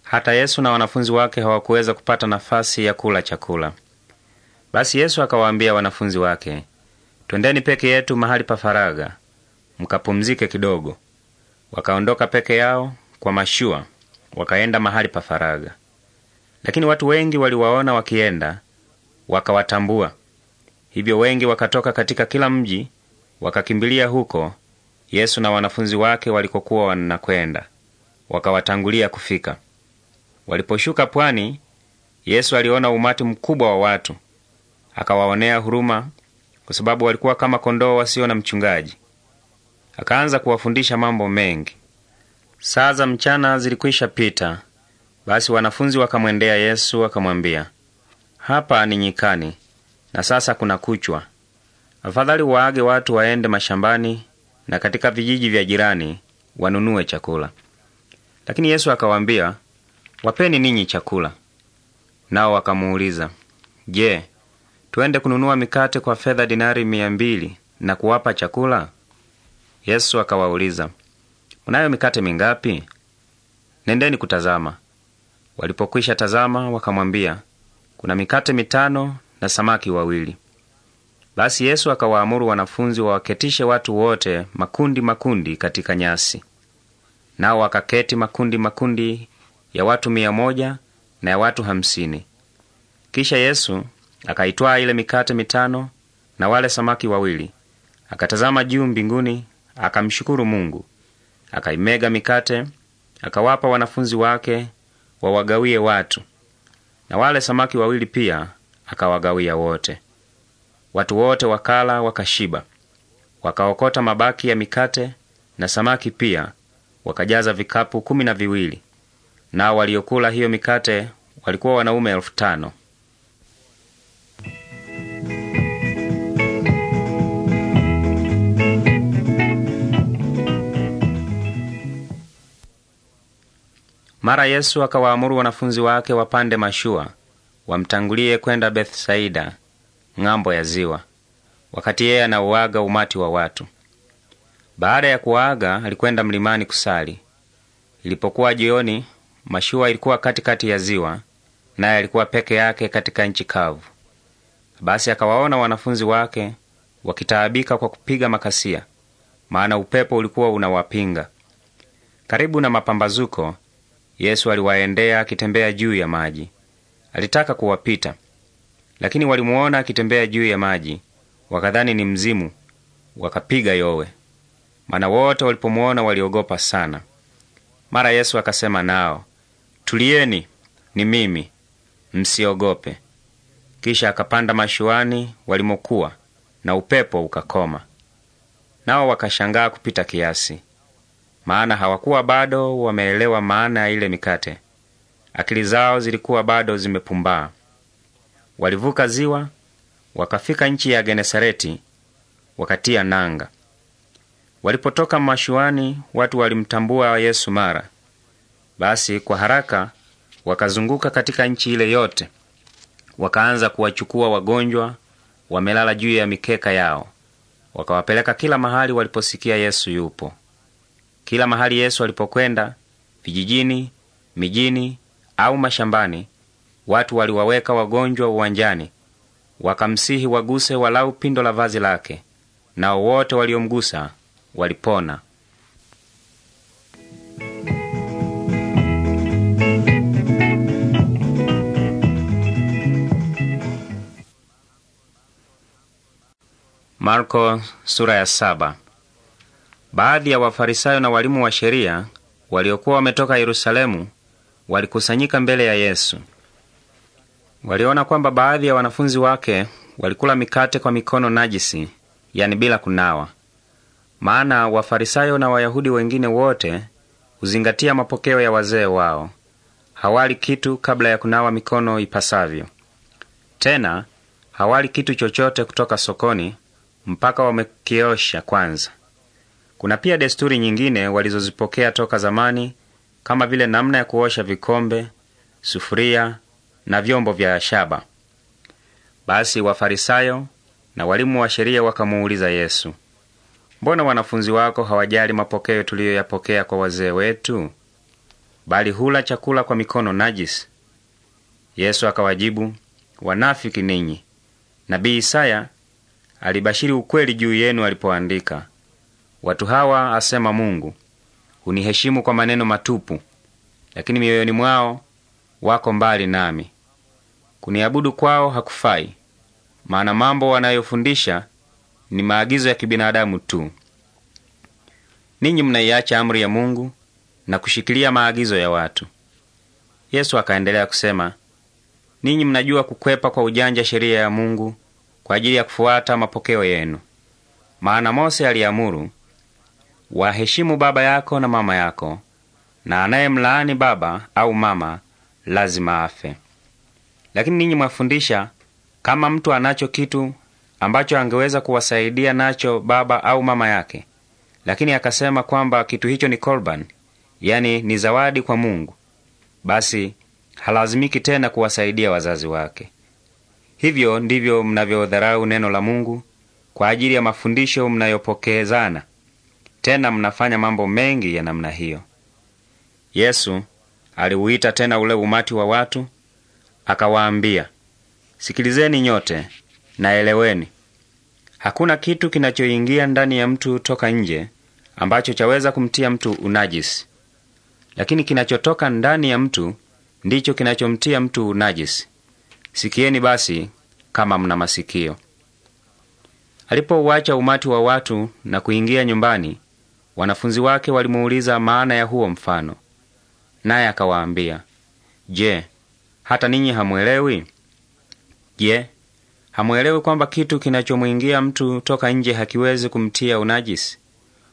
hata Yesu na wanafunzi wake hawakuweza kupata nafasi ya kula chakula. Basi Yesu akawaambia wanafunzi wake, twendeni peke yetu mahali pa faraga mkapumzike kidogo. Wakaondoka peke yao kwa mashua, wakaenda mahali pa faraga. Lakini watu wengi waliwaona wakienda, wakawatambua. Hivyo wengi wakatoka katika kila mji Wakakimbilia huko Yesu na wanafunzi wake walikokuwa wanakwenda, wakawatangulia kufika. Waliposhuka pwani, Yesu aliona umati mkubwa wa watu, akawaonea huruma, kwa sababu walikuwa kama kondoo wasio na mchungaji. Akaanza kuwafundisha mambo mengi. Saa za mchana zilikwisha pita, basi wanafunzi wakamwendea Yesu wakamwambia, hapa ni nyikani na sasa kuna kuchwa Afadhali waage watu waende mashambani na katika vijiji vya jirani wanunue chakula. Lakini Yesu akawaambia, wapeni ninyi chakula. Nao wakamuuliza, je, twende kununua mikate kwa fedha dinari mia mbili na kuwapa chakula? Yesu akawauliza, munayo mikate mingapi? Nendeni kutazama. Walipokwisha tazama, wakamwambia kuna mikate mitano na samaki wawili. Basi Yesu akawaamuru wanafunzi wawaketishe watu wote makundi makundi katika nyasi. Nao wakaketi makundi makundi ya watu mia moja na ya watu hamsini. Kisha Yesu akaitwaa ile mikate mitano na wale samaki wawili, akatazama juu mbinguni, akamshukuru Mungu, akaimega mikate, akawapa wanafunzi wake wawagawie watu, na wale samaki wawili pia akawagawia wote. Watu wote wakala wakashiba, wakaokota mabaki ya mikate na samaki pia, wakajaza vikapu kumi na viwili. Nao waliokula hiyo mikate walikuwa wanaume elfu tano. Mara Yesu akawaamuru wanafunzi wake wapande mashua wamtangulie kwenda Bethsaida ng'ambo ya ziwa, wakati yeye anauaga umati wa watu. Baada ya kuwaaga, alikwenda mlimani kusali. Ilipokuwa jioni, mashua ilikuwa katikati ya ziwa, naye alikuwa peke yake katika nchi kavu. Basi akawaona wanafunzi wake wakitaabika kwa kupiga makasia, maana upepo ulikuwa unawapinga. Karibu na mapambazuko, Yesu aliwaendea akitembea juu ya maji. Alitaka kuwapita, lakini walimuona akitembea juu ya maji, wakadhani ni mzimu, wakapiga yowe, maana wote walipomuona waliogopa sana. Mara Yesu akasema nao, tulieni, ni mimi, msiogope. Kisha akapanda mashuani walimokuwa, na upepo ukakoma. Nao wakashangaa kupita kiasi, maana hawakuwa bado wameelewa maana ya ile mikate. Akili zao zilikuwa bado zimepumbaa. Walivuka ziwa wakafika nchi ya Genesareti wakatia nanga. Walipotoka mashuani, watu walimtambua Yesu mara. Basi kwa haraka wakazunguka katika nchi ile yote, wakaanza kuwachukua wagonjwa wamelala juu ya mikeka yao, wakawapeleka kila mahali waliposikia Yesu yupo. Kila mahali Yesu alipokwenda, vijijini, mijini au mashambani, Watu waliwaweka wagonjwa uwanjani, wakamsihi waguse walau pindo la vazi lake, nao wote waliomgusa walipona. Marko sura ya saba. Baadhi ya Wafarisayo na walimu wa sheria waliokuwa wametoka Yerusalemu walikusanyika mbele ya Yesu. Waliona kwamba baadhi ya wanafunzi wake walikula mikate kwa mikono najisi, yani bila kunawa. Maana Wafarisayo na Wayahudi wengine wote huzingatia mapokeo ya wazee wao. Hawali kitu kabla ya kunawa mikono ipasavyo. Tena hawali kitu chochote kutoka sokoni mpaka wamekiosha kwanza. Kuna pia desturi nyingine walizozipokea toka zamani, kama vile namna ya kuosha vikombe, sufuria na vyombo vya shaba. Basi Wafarisayo na walimu wa sheria wakamuuliza Yesu, mbona wanafunzi wako hawajali mapokeo tuliyoyapokea kwa wazee wetu, bali hula chakula kwa mikono najisi? Yesu akawajibu, wanafiki ninyi! Nabii Isaya alibashiri ukweli juu yenu alipoandika, watu hawa, asema Mungu, huniheshimu kwa maneno matupu, lakini mioyoni mwao wako mbali nami. Kuniabudu kwao hakufai, maana mambo wanayofundisha ni maagizo ya kibinadamu tu. Ninyi mnaiacha amri ya Mungu na kushikilia maagizo ya watu. Yesu akaendelea kusema, ninyi mnajua kukwepa kwa ujanja sheria ya Mungu kwa ajili ya kufuata mapokeo yenu. Maana Mose aliamuru, waheshimu baba yako na mama yako, na anayemlaani baba au mama lazima afe. Lakini ninyi mwafundisha kama mtu anacho kitu ambacho angeweza kuwasaidia nacho baba au mama yake, lakini akasema kwamba kitu hicho ni korban, yani ni zawadi kwa Mungu, basi halazimiki tena kuwasaidia wazazi wake. Hivyo ndivyo mnavyodharau neno la Mungu kwa ajili ya mafundisho mnayopokezana. Tena mnafanya mambo mengi ya namna hiyo. Yesu aliuita tena ule umati wa watu akawaambia, sikilizeni nyote naeleweni. Hakuna kitu kinachoingia ndani ya mtu toka nje ambacho chaweza kumtia mtu unajisi, lakini kinachotoka ndani ya mtu ndicho kinachomtia mtu unajisi. Sikieni basi kama mna masikio. Alipouacha umati wa watu na kuingia nyumbani, wanafunzi wake walimuuliza maana ya huo mfano, naye akawaambia, Je, hata ninyi hamwelewi? Je, hamwelewi kwamba kitu kinachomwingia mtu toka nje hakiwezi kumtia unajisi?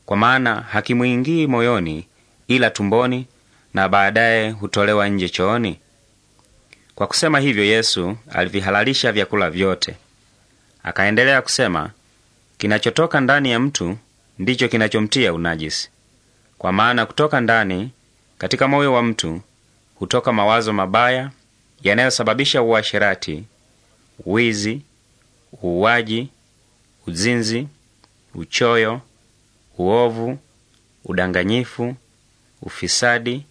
Kwa maana hakimwingii moyoni, ila tumboni, na baadaye hutolewa nje chooni. Kwa kusema hivyo, Yesu alivihalalisha vyakula vyote. Akaendelea kusema, kinachotoka ndani ya mtu ndicho kinachomtia unajisi, kwa maana kutoka ndani, katika moyo wa mtu hutoka mawazo mabaya, yanayosababisha uasherati, wizi, uuaji, uzinzi, uchoyo, uovu, udanganyifu, ufisadi,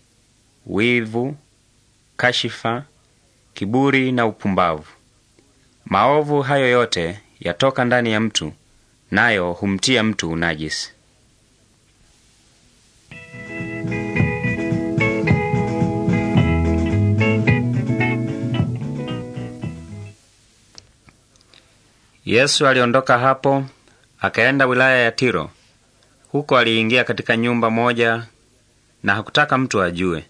wivu, kashifa, kiburi na upumbavu. Maovu hayo yote yatoka ndani ya mtu, nayo humtia mtu unajisi. Yesu aliondoka hapo akaenda wilaya ya Tiro. Huko aliingia katika nyumba moja na hakutaka mtu ajue,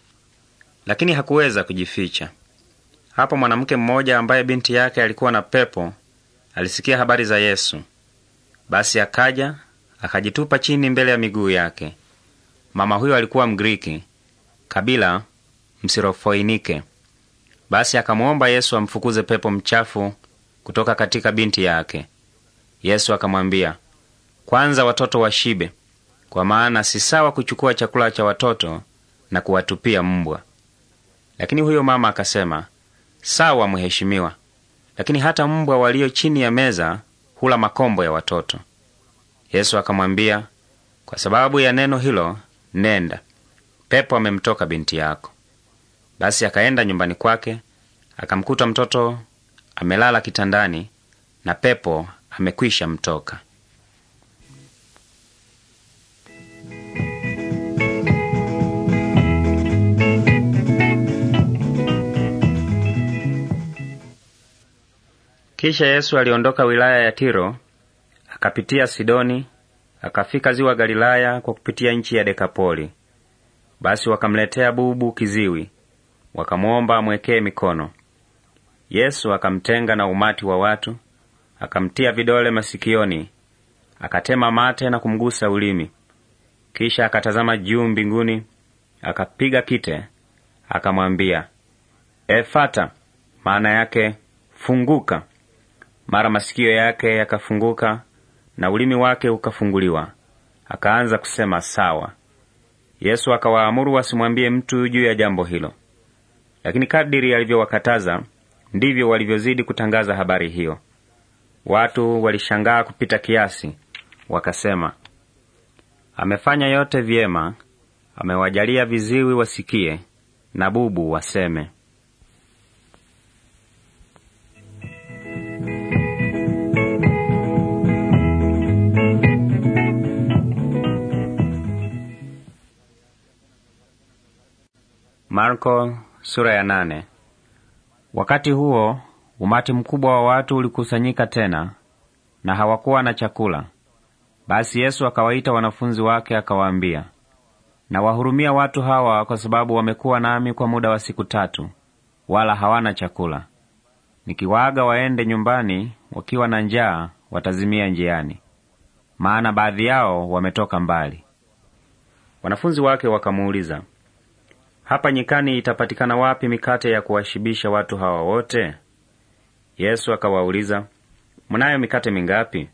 lakini hakuweza kujificha. Hapo mwanamke mmoja ambaye binti yake alikuwa na pepo alisikia habari za Yesu. Basi akaja akajitupa chini mbele ya miguu yake. Mama huyo alikuwa Mgiriki, kabila Msirofoinike. Basi akamwomba Yesu amfukuze pepo mchafu kutoka katika binti yake. Yesu akamwambia, kwanza watoto washibe, kwa maana si sawa kuchukua chakula cha watoto na kuwatupia mbwa. Lakini huyo mama akasema, sawa mheshimiwa, lakini hata mbwa walio chini ya meza hula makombo ya watoto. Yesu akamwambia, kwa sababu ya neno hilo, nenda, pepo amemtoka binti yako. Basi akaenda nyumbani kwake, akamkuta mtoto amelala kitandani na pepo amekwisha mtoka. Kisha Yesu aliondoka wilaya ya Tiro akapitia Sidoni akafika ziwa Galilaya kwa kupitia nchi ya Dekapoli. Basi wakamletea bubu kiziwi, wakamwomba amwekee mikono. Yesu akamtenga na umati wa watu, akamtia vidole masikioni, akatema mate na kumgusa ulimi. Kisha akatazama juu mbinguni, akapiga kite, akamwambia, Efata, maana yake funguka. Mara masikio yake yakafunguka na ulimi wake ukafunguliwa, akaanza kusema sawa. Yesu akawaamuru wasimwambie mtu juu ya jambo hilo, lakini kadiri alivyowakataza Ndivyo walivyozidi kutangaza habari hiyo. Watu walishangaa kupita kiasi, wakasema, amefanya yote vyema, amewajalia viziwi wasikie na bubu waseme. Marko sura ya nane. Wakati huo umati mkubwa wa watu ulikusanyika tena, na hawakuwa na chakula. Basi Yesu akawaita wanafunzi wake akawaambia, nawahurumia watu hawa, kwa sababu wamekuwa nami kwa muda wa siku tatu, wala hawana chakula. Nikiwaaga waende nyumbani wakiwa na njaa, watazimia njiani, maana baadhi yao wametoka mbali. Wanafunzi wake wakamuuliza hapa nyikani itapatikana wapi mikate ya kuwashibisha watu hawa wote? Yesu akawauliza, mnayo mikate mingapi?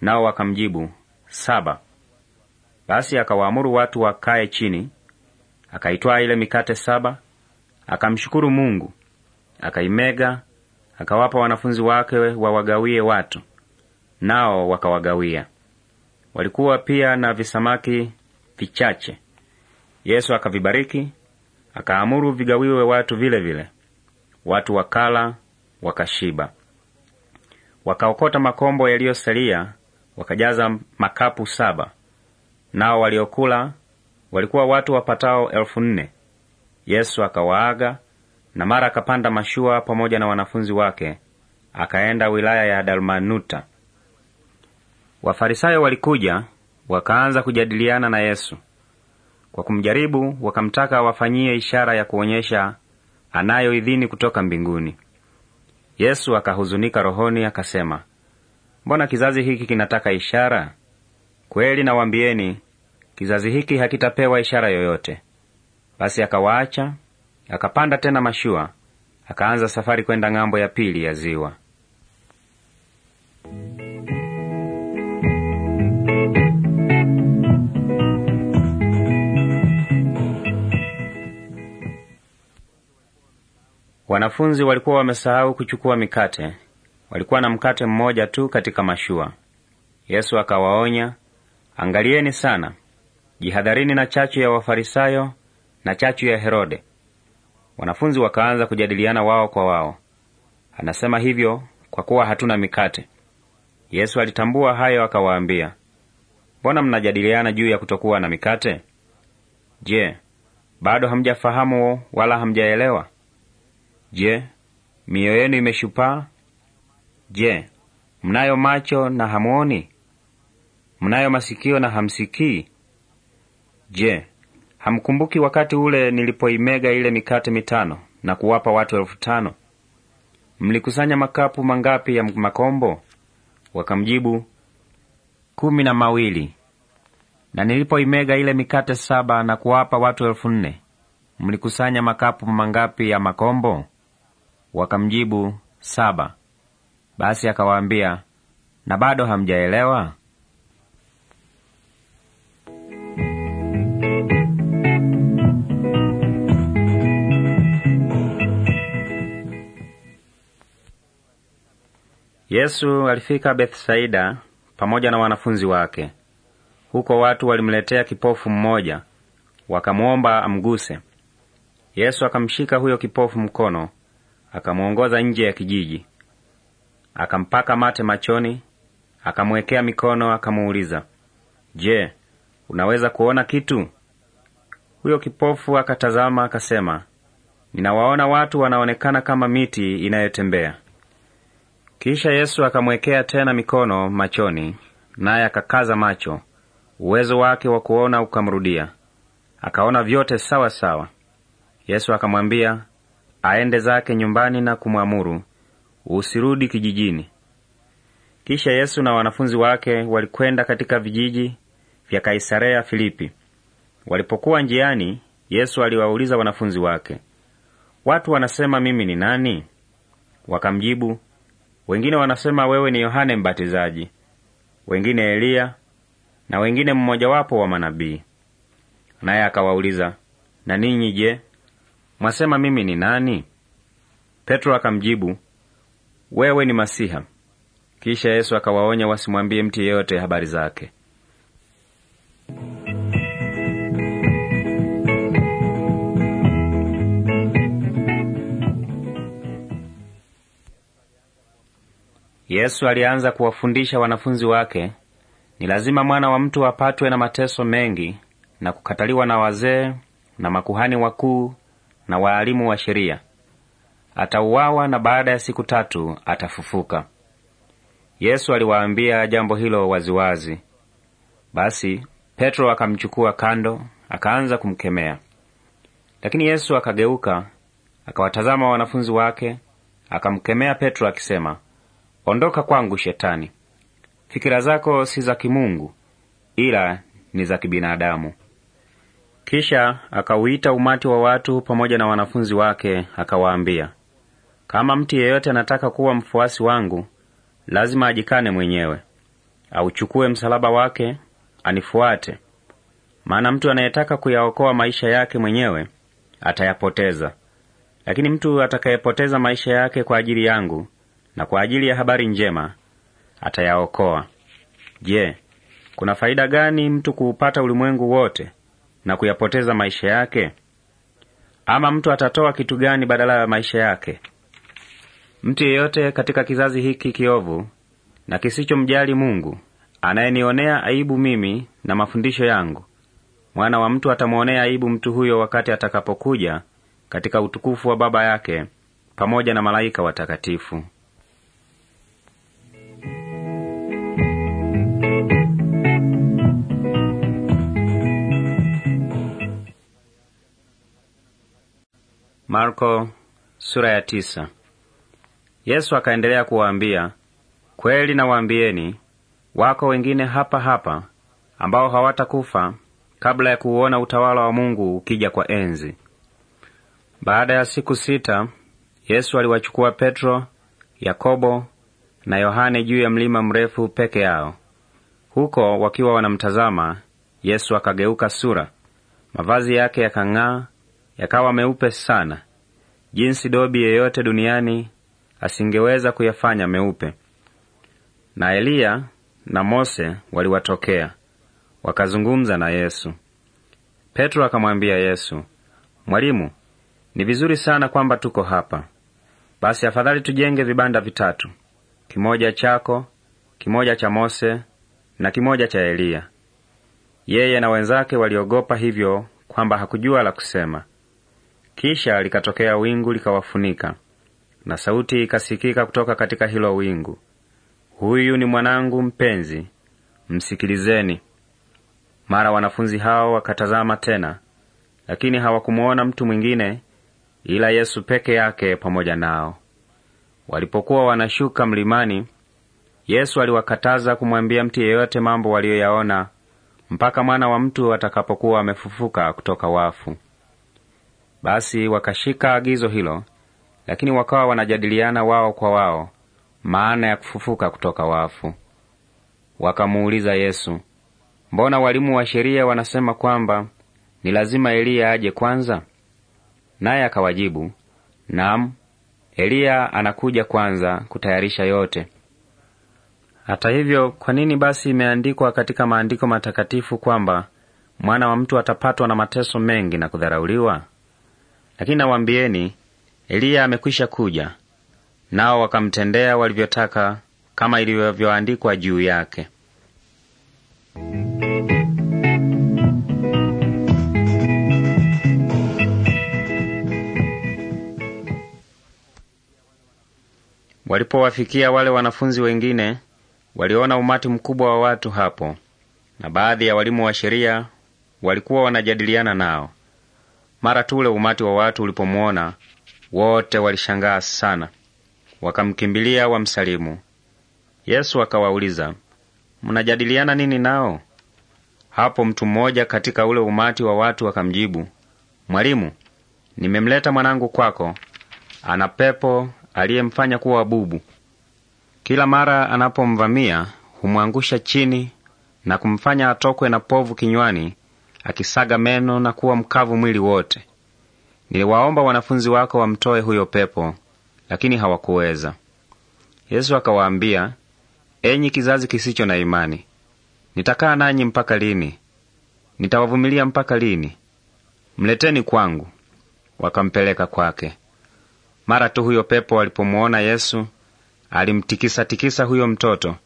Nao wakamjibu, saba. Basi akawaamuru watu wakae chini. Akaitwaa ile mikate saba, akamshukuru Mungu, akaimega, akawapa wanafunzi wake wawagawie watu, nao wakawagawia. Walikuwa pia na visamaki vichache. Yesu akavibariki akaamuru vigawiwe watu vile vile. Watu wakala wakashiba, wakaokota makombo yaliyosalia wakajaza makapu saba. Nao waliokula walikuwa watu wapatao elfu nne. Yesu akawaaga na mara akapanda mashua pamoja na wanafunzi wake akaenda wilaya ya Dalmanuta. Wafarisayo walikuja wakaanza kujadiliana na Yesu. Kwa kumjaribu, wakamtaka awafanyie ishara ya kuonyesha anayo idhini kutoka mbinguni. Yesu akahuzunika rohoni, akasema, mbona kizazi hiki kinataka ishara? Kweli nawaambieni, kizazi hiki hakitapewa ishara yoyote. Basi akawaacha, akapanda tena mashua, akaanza safari kwenda ng'ambo ya pili ya ziwa. Wanafunzi walikuwa wamesahau kuchukua mikate. Walikuwa na mkate mmoja tu katika mashua. Yesu akawaonya, angalieni sana, jihadharini na chachu ya Wafarisayo na chachu ya Herode. Wanafunzi wakaanza kujadiliana wao kwa wao, anasema hivyo kwa kuwa hatuna mikate. Yesu alitambua hayo, akawaambia, mbona mnajadiliana juu ya kutokuwa na mikate? Je, bado hamjafahamu wala hamjaelewa? Je, mioyo yenu imeshupaa? Je, mnayo macho na hamuoni? Mnayo masikio na hamsikii? Je, hamkumbuki wakati ule nilipoimega ile mikate mitano na kuwapa watu elfu tano? Mlikusanya makapu mangapi ya makombo? Wakamjibu, kumi na mawili. Na nilipoimega ile mikate saba na kuwapa watu elfu nne, mlikusanya makapu mangapi ya makombo? Wakamjibu, saba. Basi akawaambia, na bado hamjaelewa? Yesu alifika Bethsaida pamoja na wanafunzi wake. Huko watu walimletea kipofu mmoja, wakamwomba amguse. Yesu akamshika huyo kipofu mkono, akamwongoza nje ya kijiji, akampaka mate machoni, akamwekea mikono, akamuuliza, Je, unaweza kuona kitu? Huyo kipofu akatazama, akasema, ninawaona watu wanaonekana kama miti inayotembea. Kisha Yesu akamwekea tena mikono machoni, naye akakaza macho, uwezo wake wa kuona ukamrudia, akaona vyote sawa sawa. Yesu akamwambia, aende zake nyumbani na kumwamuru, usirudi kijijini. Kisha Yesu na wanafunzi wake walikwenda katika vijiji vya Kaisarea Filipi. Walipokuwa njiani, Yesu aliwauliza wanafunzi wake, watu wanasema mimi ni nani? Wakamjibu, wengine wanasema wewe ni Yohane Mbatizaji, wengine Eliya, na wengine mmojawapo wa manabii. Naye akawauliza, na ninyi je, mwasema mimi ni nani? Petro akamjibu, wewe ni Masiha. Kisha Yesu akawaonya wasimwambie mtu yeyote habari zake. Yesu alianza kuwafundisha wanafunzi wake, ni lazima mwana wa mtu apatwe na mateso mengi na kukataliwa na wazee na makuhani wakuu na waalimu wa sheria. Atauawa na baada ya siku tatu atafufuka. Yesu aliwaambia jambo hilo waziwazi. Basi Petro akamchukua kando, akaanza kumkemea. Lakini Yesu akageuka, akawatazama wanafunzi wake, akamkemea Petro akisema, Ondoka kwangu, Shetani! Fikira zako si za kimungu, ila ni za kibinadamu. Kisha akauita umati wa watu pamoja na wanafunzi wake, akawaambia, kama mtu yeyote anataka kuwa mfuasi wangu, lazima ajikane mwenyewe, auchukue msalaba wake, anifuate. Maana mtu anayetaka kuyaokoa maisha yake mwenyewe atayapoteza, lakini mtu atakayepoteza maisha yake kwa ajili yangu na kwa ajili ya habari njema atayaokoa. Je, kuna faida gani mtu kuupata ulimwengu wote na kuyapoteza maisha yake? Ama mtu atatoa kitu gani badala ya maisha yake? Mtu yeyote katika kizazi hiki kiovu na kisichomjali Mungu, anayenionea aibu mimi na mafundisho yangu, mwana wa mtu atamwonea aibu mtu huyo wakati atakapokuja katika utukufu wa Baba yake pamoja na malaika watakatifu. Marko sura ya tisa. Yesu akaendelea kuwaambia, kweli nawaambieni, wako wengine hapa hapa ambao hawatakufa kabla ya kuuona utawala wa Mungu ukija kwa enzi. Baada ya siku sita, Yesu aliwachukua Petro, Yakobo na Yohane juu ya mlima mrefu peke yao. Huko wakiwa wanamtazama Yesu, akageuka sura, mavazi yake yakang'aa yakawa meupe sana, jinsi dobi yeyote duniani asingeweza kuyafanya meupe. Na Eliya na Mose waliwatokea wakazungumza na Yesu. Petro akamwambia Yesu, Mwalimu, ni vizuri sana kwamba tuko hapa. Basi afadhali tujenge vibanda vitatu, kimoja chako, kimoja cha Mose na kimoja cha Eliya. Yeye na wenzake waliogopa hivyo kwamba hakujua la kusema. Kisha likatokea wingu likawafunika, na sauti ikasikika kutoka katika hilo wingu, huyu ni mwanangu mpenzi, msikilizeni. Mara wanafunzi hao wakatazama tena, lakini hawakumwona mtu mwingine ila Yesu peke yake pamoja nao. Walipokuwa wanashuka mlimani, Yesu aliwakataza kumwambia mtu yeyote mambo waliyoyaona mpaka mwana wa mtu atakapokuwa amefufuka kutoka wafu. Basi wakashika agizo hilo, lakini wakawa wanajadiliana wao kwa wao maana ya kufufuka kutoka wafu. Wakamuuliza Yesu, mbona walimu wa sheria wanasema kwamba ni lazima Eliya aje kwanza? Naye akawajibu, nam Eliya anakuja kwanza kutayarisha yote. Hata hivyo, kwa nini basi imeandikwa katika maandiko matakatifu kwamba mwana wa mtu atapatwa na mateso mengi na kudharauliwa? Lakini nawaambieni, Eliya amekwisha kuja, nao wakamtendea walivyotaka, kama ilivyoandikwa juu yake. Walipowafikia wale wanafunzi wengine, waliona umati mkubwa wa watu hapo, na baadhi ya walimu wa sheria walikuwa wanajadiliana nao. Mara tu ule umati wa watu ulipomwona, wote walishangaa sana, wakamkimbilia wamsalimu. Yesu akawauliza, mnajadiliana nini nao? Hapo mtu mmoja katika ule umati wa watu akamjibu, Mwalimu, nimemleta mwanangu kwako, ana pepo aliyemfanya kuwa bubu. Kila mara anapomvamia humwangusha chini na kumfanya atokwe na povu kinywani akisaga meno na kuwa mkavu mwili wote. Niliwaomba wanafunzi wako wamtoe huyo pepo, lakini hawakuweza. Yesu akawaambia, enyi kizazi kisicho na imani, nitakaa nanyi mpaka lini? Nitawavumilia mpaka lini? Mleteni kwangu. Wakampeleka kwake. Mara tu huyo pepo alipomuona Yesu, alimtikisa tikisa huyo mtoto,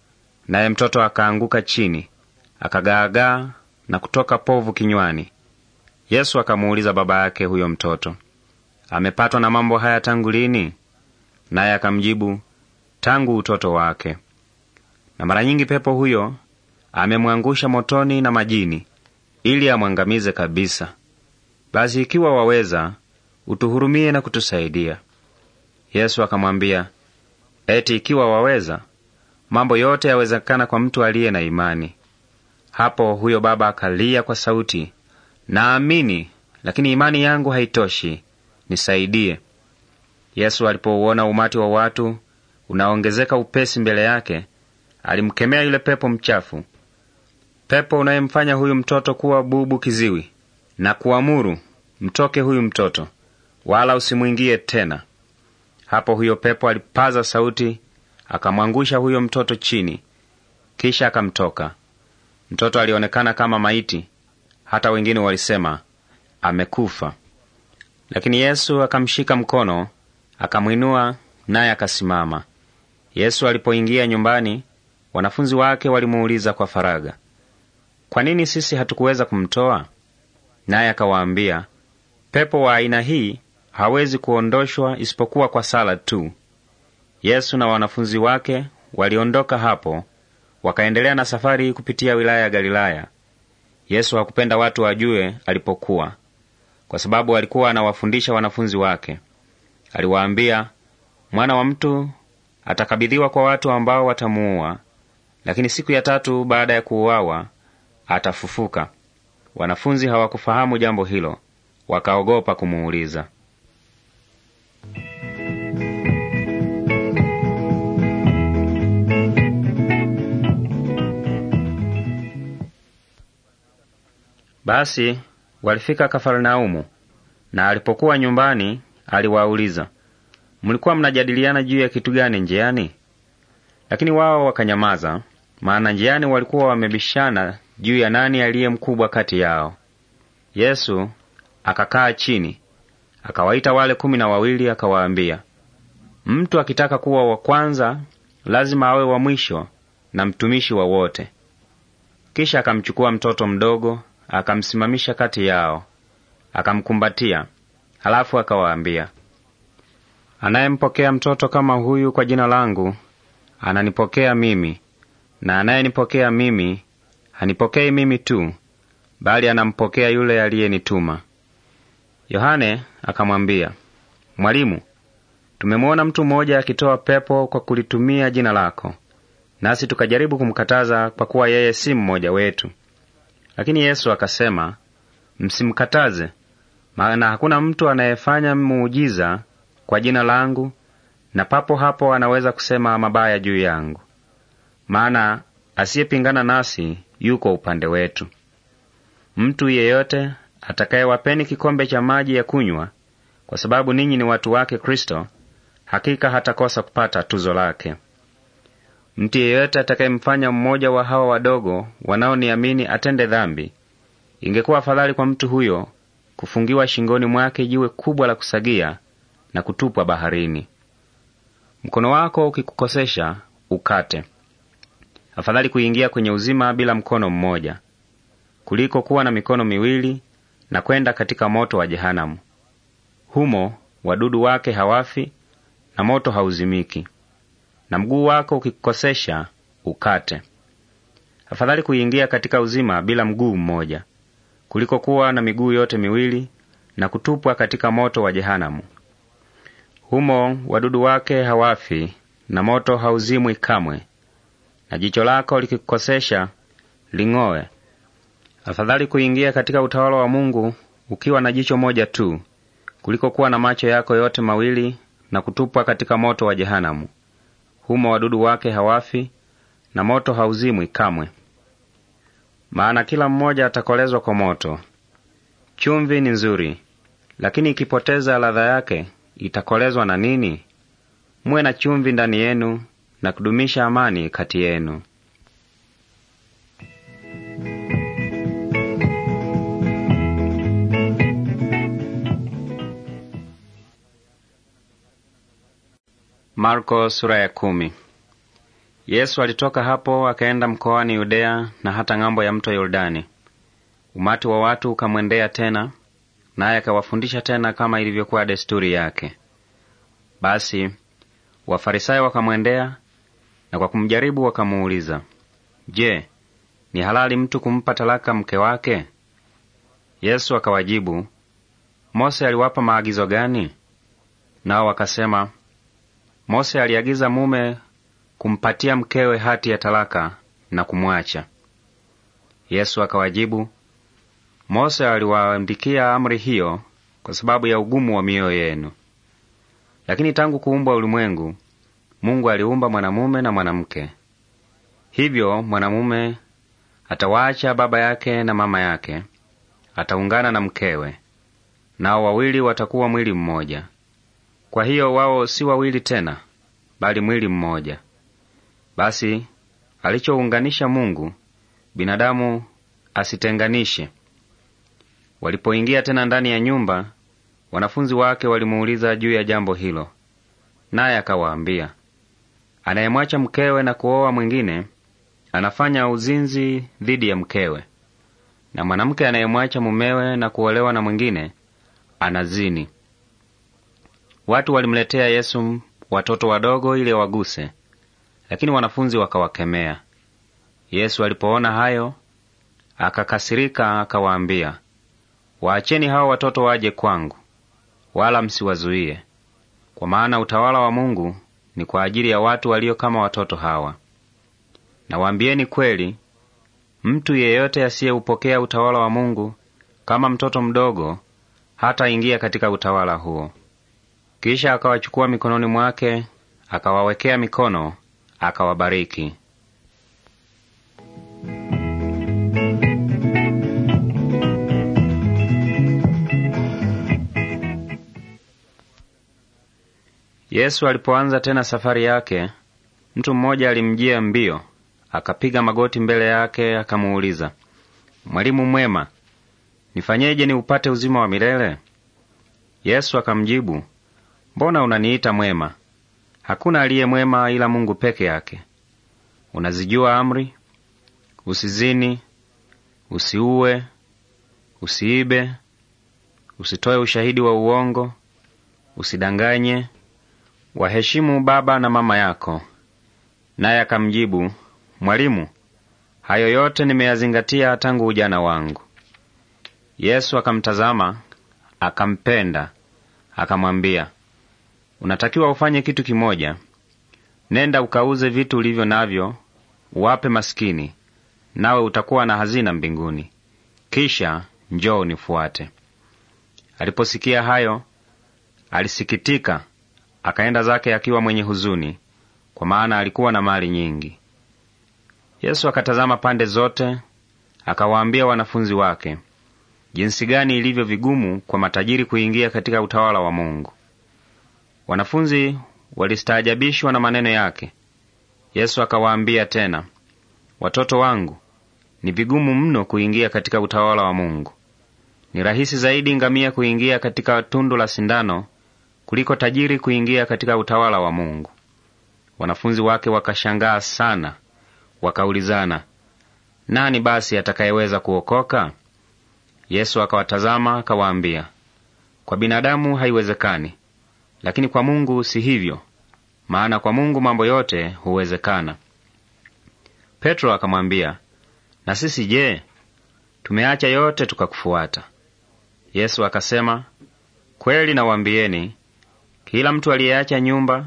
naye mtoto akaanguka chini akagaagaa, na kutoka povu kinywani. Yesu akamuuliza baba yake huyo mtoto, amepatwa na mambo haya tangu lini? Naye akamjibu, tangu utoto wake, na mara nyingi pepo huyo amemwangusha motoni na majini ili amwangamize kabisa. Basi ikiwa waweza, utuhurumie na kutusaidia. Yesu akamwambia, eti ikiwa waweza? Mambo yote yawezekana kwa mtu aliye na imani. Hapo huyo baba akalia kwa sauti, naamini, lakini imani yangu haitoshi, nisaidie. Yesu alipouona umati wa watu unaongezeka upesi mbele yake, alimkemea yule pepo mchafu, pepo unayemfanya huyu mtoto kuwa bubu kiziwi, na kuamuru, mtoke huyu mtoto, wala usimwingie tena. Hapo huyo pepo alipaza sauti, akamwangusha huyo mtoto chini, kisha akamtoka. Mtoto alionekana kama maiti, hata wengine walisema amekufa. Lakini Yesu akamshika mkono, akamwinua, naye akasimama. Yesu alipoingia nyumbani, wanafunzi wake walimuuliza kwa faraga, kwa nini sisi hatukuweza kumtoa? Naye akawaambia, pepo wa aina hii hawezi kuondoshwa isipokuwa kwa sala tu. Yesu na wanafunzi wake waliondoka hapo Wakaendelea na safari kupitia wilaya ya Galilaya. Yesu hakupenda watu wajue alipokuwa, kwa sababu alikuwa anawafundisha wanafunzi wake. Aliwaambia, mwana wa mtu atakabidhiwa kwa watu ambao watamuua, lakini siku ya tatu baada ya kuuawa atafufuka. Wanafunzi hawakufahamu jambo hilo, wakaogopa kumuuliza. Basi walifika Kafarnaumu, na alipokuwa nyumbani aliwauliza, mlikuwa mnajadiliana juu ya kitu gani njiani? Lakini wao wakanyamaza, maana njiani walikuwa wamebishana juu ya nani aliye mkubwa kati yao. Yesu akakaa chini akawaita wale kumi na wawili akawaambia, mtu akitaka kuwa wa kwanza lazima awe wa mwisho na mtumishi wa wote. Kisha akamchukua mtoto mdogo akamsimamisha kati yao, akamkumbatia. Halafu akawaambia, anayempokea mtoto kama huyu kwa jina langu ananipokea mimi, na anayenipokea mimi hanipokei mimi tu, bali anampokea yule aliyenituma. Yohane akamwambia, Mwalimu, tumemwona mtu mmoja akitoa pepo kwa kulitumia jina lako, nasi tukajaribu kumkataza, kwa kuwa yeye si mmoja wetu. Lakini Yesu akasema, msimkataze, maana hakuna mtu anayefanya muujiza kwa jina langu na papo hapo anaweza kusema mabaya juu yangu, maana asiyepingana nasi yuko upande wetu. Mtu yeyote atakayewapeni kikombe cha maji ya kunywa kwa sababu ninyi ni watu wake Kristo, hakika hatakosa kupata tuzo lake. Mtu yeyote atakayemfanya mmoja wa hawa wadogo wanaoniamini atende dhambi, ingekuwa afadhali kwa mtu huyo kufungiwa shingoni mwake jiwe kubwa la kusagia na kutupwa baharini. Mkono wako ukikukosesha ukate. Afadhali kuingia kwenye uzima bila mkono mmoja kuliko kuwa na mikono miwili na kwenda katika moto wa jehanamu. Humo wadudu wake hawafi na moto hauzimiki na mguu wako ukikukosesha ukate. Afadhali kuingia katika uzima bila mguu mmoja kuliko kuwa na miguu yote miwili na kutupwa katika moto wa jehanamu. Humo wadudu wake hawafi na moto hauzimwi kamwe. Na jicho lako likikukosesha ling'owe Afadhali kuingia katika utawala wa Mungu ukiwa na jicho moja tu kuliko kuwa na macho yako yote mawili na kutupwa katika moto wa jehanamu humo wadudu wake hawafi na moto hauzimwi kamwe. Maana kila mmoja atakolezwa kwa moto. Chumvi ni nzuri, lakini ikipoteza ladha yake itakolezwa na nini? Muwe na chumvi ndani yenu na kudumisha amani kati yenu. Marko sura ya kumi. Yesu alitoka hapo akaenda mkoani Yudea na hata ng'ambo ya mto Yordani. Umati wa watu ukamwendea tena, naye akawafundisha tena kama ilivyokuwa desturi yake. Basi Wafarisayo wakamwendea na kwa kumjaribu wakamuuliza, Je, ni halali mtu kumpa talaka mke wake? Yesu akawajibu, Mose aliwapa maagizo gani? Nao wakasema Mose aliagiza mume kumpatia mkewe hati ya talaka na kumwacha. Yesu akawajibu, Mose aliwaandikia amri hiyo kwa sababu ya ugumu wa mioyo yenu, lakini tangu kuumbwa ulimwengu Mungu aliumba mwanamume na mwanamke. Hivyo mwanamume atawaacha baba yake na mama yake, ataungana na mkewe, nao wawili watakuwa mwili mmoja. Kwa hiyo wao si wawili tena, bali mwili mmoja. Basi alichounganisha Mungu, binadamu asitenganishe. Walipoingia tena ndani ya nyumba, wanafunzi wake walimuuliza juu ya jambo hilo, naye akawaambia, anayemwacha mkewe na kuoa mwingine anafanya uzinzi dhidi ya mkewe, na mwanamke anayemwacha mumewe na kuolewa na mwingine anazini. Watu walimletea Yesu watoto wadogo ili waguse, lakini wanafunzi wakawakemea. Yesu alipoona hayo akakasirika, akawaambia, waacheni hawa watoto waje kwangu, wala msiwazuie, kwa maana utawala wa Mungu ni kwa ajili ya watu walio kama watoto hawa. Nawaambieni kweli, mtu yeyote asiyeupokea utawala wa Mungu kama mtoto mdogo hataingia katika utawala huo. Kisha akawachukua mikononi mwake, akawawekea mikono, akawabariki. Yesu alipoanza tena safari yake, mtu mmoja alimjia mbio, akapiga magoti mbele yake, akamuuliza, Mwalimu mwema, nifanyeje niupate uzima wa milele? Yesu akamjibu, Mbona unaniita mwema? Hakuna aliye mwema ila Mungu peke yake. Unazijua amri: usizini, usiue, usiibe, usitoe ushahidi wa uongo, usidanganye, waheshimu baba na mama yako. Naye akamjibu, Mwalimu, hayo yote nimeyazingatia tangu ujana wangu. Yesu akamtazama, akampenda, akamwambia unatakiwa ufanye kitu kimoja. Nenda ukauze vitu ulivyo navyo, uwape maskini, nawe utakuwa na hazina mbinguni. Kisha njoo nifuate Aliposikia hayo, alisikitika, akaenda zake akiwa mwenye huzuni, kwa maana alikuwa na mali nyingi. Yesu akatazama pande zote, akawaambia wanafunzi wake jinsi gani ilivyo vigumu kwa matajiri kuingia katika utawala wa Mungu. Wanafunzi walistaajabishwa na maneno yake. Yesu akawaambia tena, watoto wangu, ni vigumu mno kuingia katika utawala wa Mungu. Ni rahisi zaidi ngamia kuingia katika tundu la sindano kuliko tajiri kuingia katika utawala wa Mungu. Wanafunzi wake wakashangaa sana, wakaulizana, nani basi atakayeweza kuokoka? Yesu akawatazama akawaambia, kwa binadamu haiwezekani, lakini kwa Mungu si hivyo, maana kwa Mungu mambo yote huwezekana. Petro akamwambia, na sisi je, tumeacha yote tukakufuata? Yesu akasema, kweli nawaambieni, kila mtu aliyeacha nyumba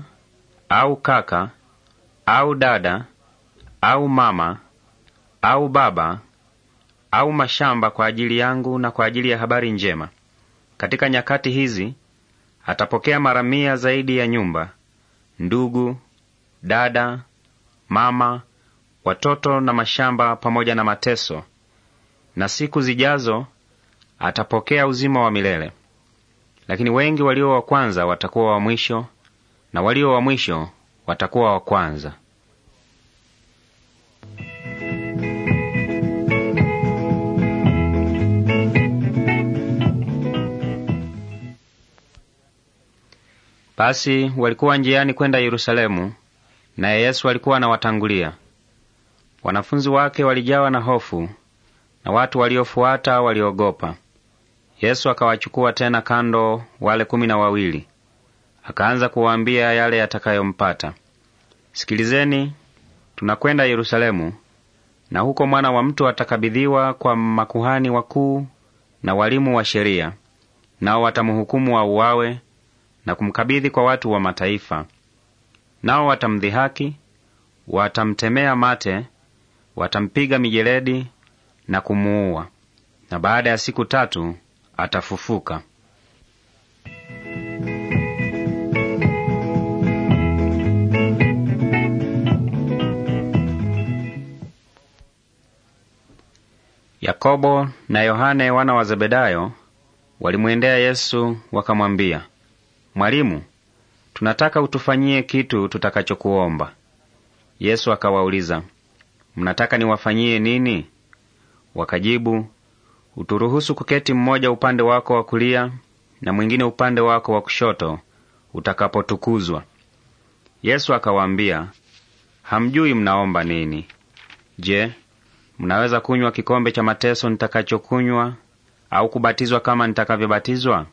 au kaka au dada au mama au baba au mashamba kwa ajili yangu na kwa ajili ya habari njema, katika nyakati hizi atapokea mara mia zaidi ya nyumba, ndugu, dada, mama, watoto na mashamba, pamoja na mateso, na siku zijazo atapokea uzima wa milele. Lakini wengi walio wa kwanza watakuwa wa mwisho, na walio wa mwisho watakuwa wa kwanza. Basi walikuwa njiani kwenda Yerusalemu, naye Yesu alikuwa anawatangulia. Wanafunzi wake walijawa na hofu, na watu waliofuata waliogopa. Yesu akawachukua tena kando wale kumi na wawili, akaanza kuwaambia yale yatakayompata. Sikilizeni, tunakwenda Yerusalemu, na huko mwana wa mtu atakabidhiwa kwa makuhani wakuu na walimu wa sheria, nao watamhukumu wa na kumkabidhi kwa watu wa mataifa, nao watamdhihaki, watamtemea mate, watampiga mijeledi na kumuua, na baada ya siku tatu atafufuka. Yakobo na Yohane wana wa Zebedayo walimwendea Yesu wakamwambia, Mwalimu, tunataka utufanyie kitu tutakachokuomba. Yesu akawauliza, mnataka niwafanyie nini? Wakajibu, uturuhusu kuketi mmoja upande wako wa kulia na mwingine upande wako wa kushoto utakapotukuzwa. Yesu akawaambia, hamjui mnaomba nini. Je, mnaweza kunywa kikombe cha mateso nitakachokunywa au kubatizwa kama nitakavyobatizwa?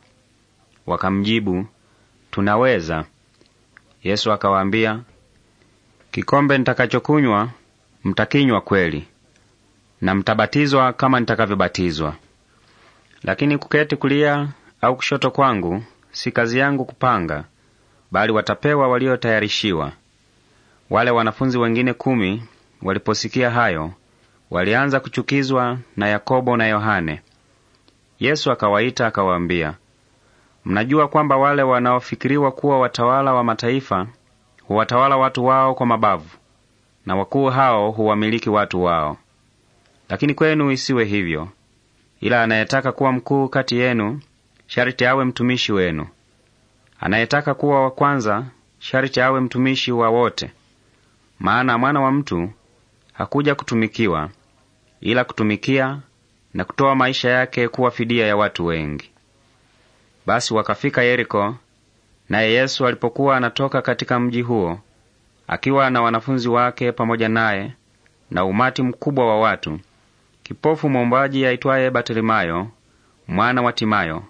Wakamjibu, tunaweza. Yesu akawaambia, kikombe nitakachokunywa mtakinywa kweli, na mtabatizwa kama nitakavyobatizwa, lakini kuketi kulia au kushoto kwangu si kazi yangu kupanga, bali watapewa waliotayarishiwa. Wale wanafunzi wengine kumi waliposikia hayo, walianza kuchukizwa na Yakobo na Yohane. Yesu akawaita akawaambia, Mnajua kwamba wale wanaofikiriwa kuwa watawala wa mataifa huwatawala watu wao kwa mabavu, na wakuu hao huwamiliki watu wao. Lakini kwenu isiwe hivyo, ila anayetaka kuwa mkuu kati yenu sharti awe mtumishi wenu. Anayetaka kuwa wa kwanza sharti awe mtumishi wa wote. Maana mwana wa mtu hakuja kutumikiwa, ila kutumikia na kutoa maisha yake kuwa fidia ya watu wengi. Basi wakafika Yeriko, naye Yesu alipokuwa anatoka katika mji huo akiwa na wanafunzi wake pamoja naye na umati mkubwa wa watu, kipofu mwombaji aitwaye Bartimayo mwana wa Timayo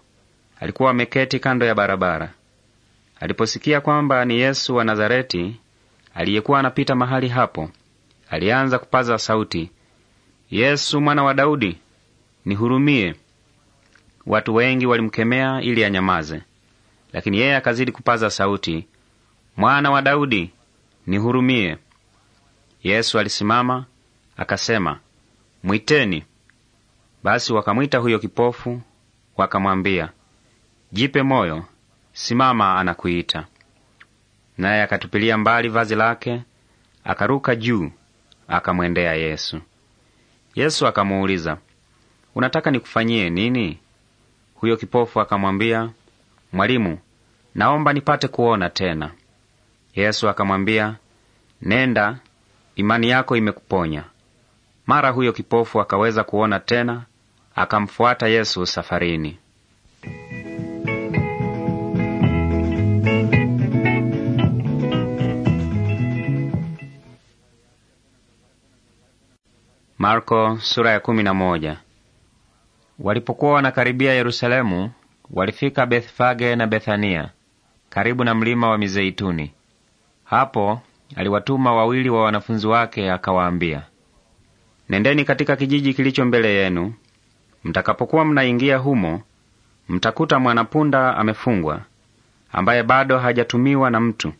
alikuwa ameketi kando ya barabara. Aliposikia kwamba ni Yesu wa Nazareti aliyekuwa anapita mahali hapo, alianza kupaza sauti, Yesu mwana wa Daudi, nihurumie. Watu wengi walimkemea ili anyamaze, lakini yeye akazidi kupaza sauti, mwana wa Daudi, nihurumie. Yesu alisimama akasema, mwiteni. Basi wakamwita huyo kipofu, wakamwambia, jipe moyo, simama, anakuita. Naye akatupilia mbali vazi lake, akaruka juu, akamwendea Yesu. Yesu akamuuliza, unataka nikufanyie nini? Huyo kipofu akamwambia, Mwalimu, naomba nipate kuona tena. Yesu akamwambia, nenda, imani yako imekuponya. Mara huyo kipofu akaweza kuona tena, akamfuata Yesu safarini. Marko sura ya kumi na moja. Walipokuwa wanakaribia Yerusalemu, walifika Bethfage na Bethania karibu na mlima wa Mizeituni. Hapo aliwatuma wawili wa wanafunzi wake, akawaambia, nendeni katika kijiji kilicho mbele yenu. Mtakapokuwa mnaingia humo, mtakuta mwanapunda amefungwa, ambaye bado hajatumiwa na mtu.